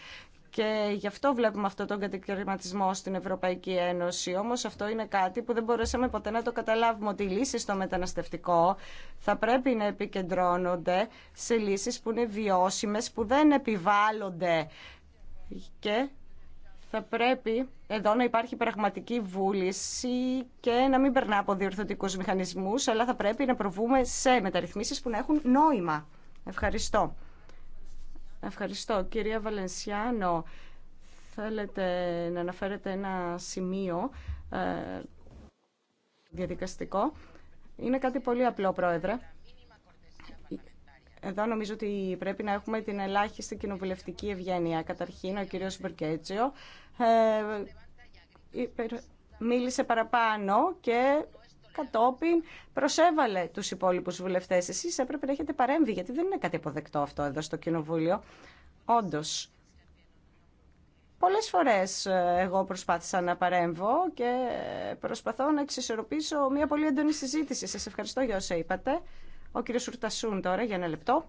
και γι' αυτό βλέπουμε αυτό τον κατακαιρματισμό στην Ευρωπαϊκή Ένωση. Όμω αυτό είναι κάτι που δεν μπορέσαμε ποτέ να το καταλάβουμε. Ότι οι λύσει στο μεταναστευτικό θα πρέπει να επικεντρώνονται σε λύσει που είναι βιώσιμε, που δεν επιβάλλονται. Και θα πρέπει εδώ να υπάρχει πραγματική βούληση και να μην περνά από διορθωτικούς μηχανισμούς, αλλά θα πρέπει να προβούμε σε μεταρρυθμίσεις που να έχουν νόημα. Ευχαριστώ. Ευχαριστώ. Κυρία Βαλενσιάνο, θέλετε να αναφέρετε ένα σημείο ε, διαδικαστικό. Είναι κάτι πολύ απλό, Πρόεδρε. Εδώ νομίζω ότι πρέπει να έχουμε την ελάχιστη κοινοβουλευτική ευγένεια. Καταρχήν, ο κύριος Μπερκέτσιο ε, μίλησε παραπάνω και κατόπιν προσέβαλε τους υπόλοιπου βουλευτέ. Εσείς έπρεπε να έχετε παρέμβει, γιατί δεν είναι κάτι αποδεκτό αυτό εδώ στο Κοινοβούλιο. Όντως, Πολλέ φορές ε, εγώ προσπάθησα να παρέμβω και προσπαθώ να εξισορροπήσω μια πολύ έντονη συζήτηση. Σα ευχαριστώ για όσα είπατε. Ο κύριος Ουρτασούν τώρα για ένα λεπτό.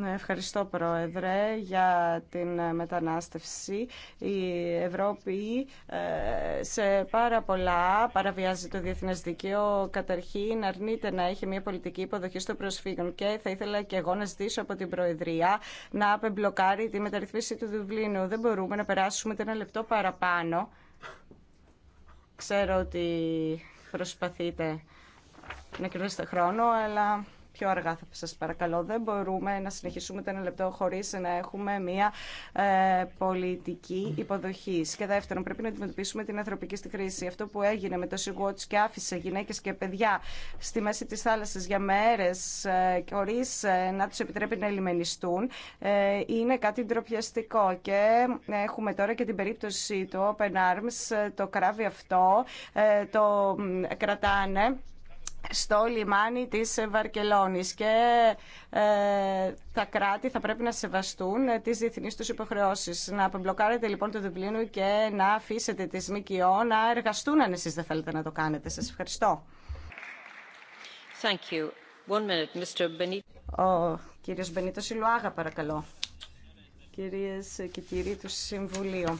Ναι, ευχαριστώ Πρόεδρε για την ε, μετανάστευση. Η Ευρώπη ε, σε πάρα πολλά παραβιάζει το διεθνές δίκαιο. Καταρχήν αρνείται να έχει μια πολιτική υποδοχή στο προσφύγων και θα ήθελα και εγώ να ζητήσω από την Προεδρία να απεμπλοκάρει τη μεταρρυθμίση του Δουβλίνου. Δεν μπορούμε να περάσουμε ένα λεπτό παραπάνω. Ξέρω ότι προσπαθείτε να κερδίσετε χρόνο, αλλά πιο αργά θα σας παρακαλώ. Δεν μπορούμε να συνεχίσουμε το ένα λεπτό χωρίς να έχουμε μια ε, πολιτική υποδοχή. Και δεύτερον, πρέπει να αντιμετωπίσουμε την ανθρωπική στη κρίση. Αυτό που έγινε με το sea και άφησε γυναίκες και παιδιά στη μέση της θάλασσας για μέρες ε, χωρίς ε, να τους επιτρέπει να ελιμενιστούν ε, είναι κάτι ντροπιαστικό. Και έχουμε τώρα και την περίπτωση του Open Arms, ε, το κράβι αυτό, το κρατάνε στο λιμάνι της Βαρκελόνης και ε, τα κράτη θα πρέπει να σεβαστούν ε, τις διεθνείς τους υποχρεώσεις. Να απομπλοκάρετε λοιπόν το Δουβλίνο και να αφήσετε τις ΜΚΟ να εργαστούν αν εσείς δεν θέλετε να το κάνετε. Σας ευχαριστώ. Thank you. One minute, Mr. Benito. Ο κύριος Μπενίτος Ιλουάγα παρακαλώ. Κυρίες και κύριοι του Συμβουλίου.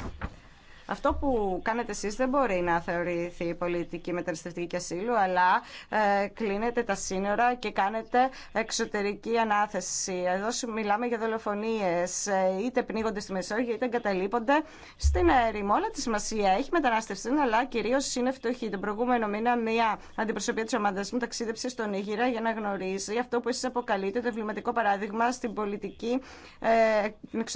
Αυτό που κάνετε εσείς δεν μπορεί να θεωρηθεί πολιτική μεταναστευτική και ασύλου, αλλά ε, κλείνετε τα σύνορα και κάνετε εξωτερική ανάθεση. Εδώ μιλάμε για δολοφονίες, ε, είτε πνίγονται στη Μεσόγειο, είτε εγκαταλείπονται στην έρημο. Όλα τη σημασία έχει μετανάστευση, αλλά κυρίως είναι φτωχή. Τον προηγούμενο μήνα μια αντιπροσωπεία της ομάδας μου ταξίδεψε στον Ήγηρα για να γνωρίζει αυτό που εσείς αποκαλείτε το εμβληματικό παράδειγμα στην πολιτική ε,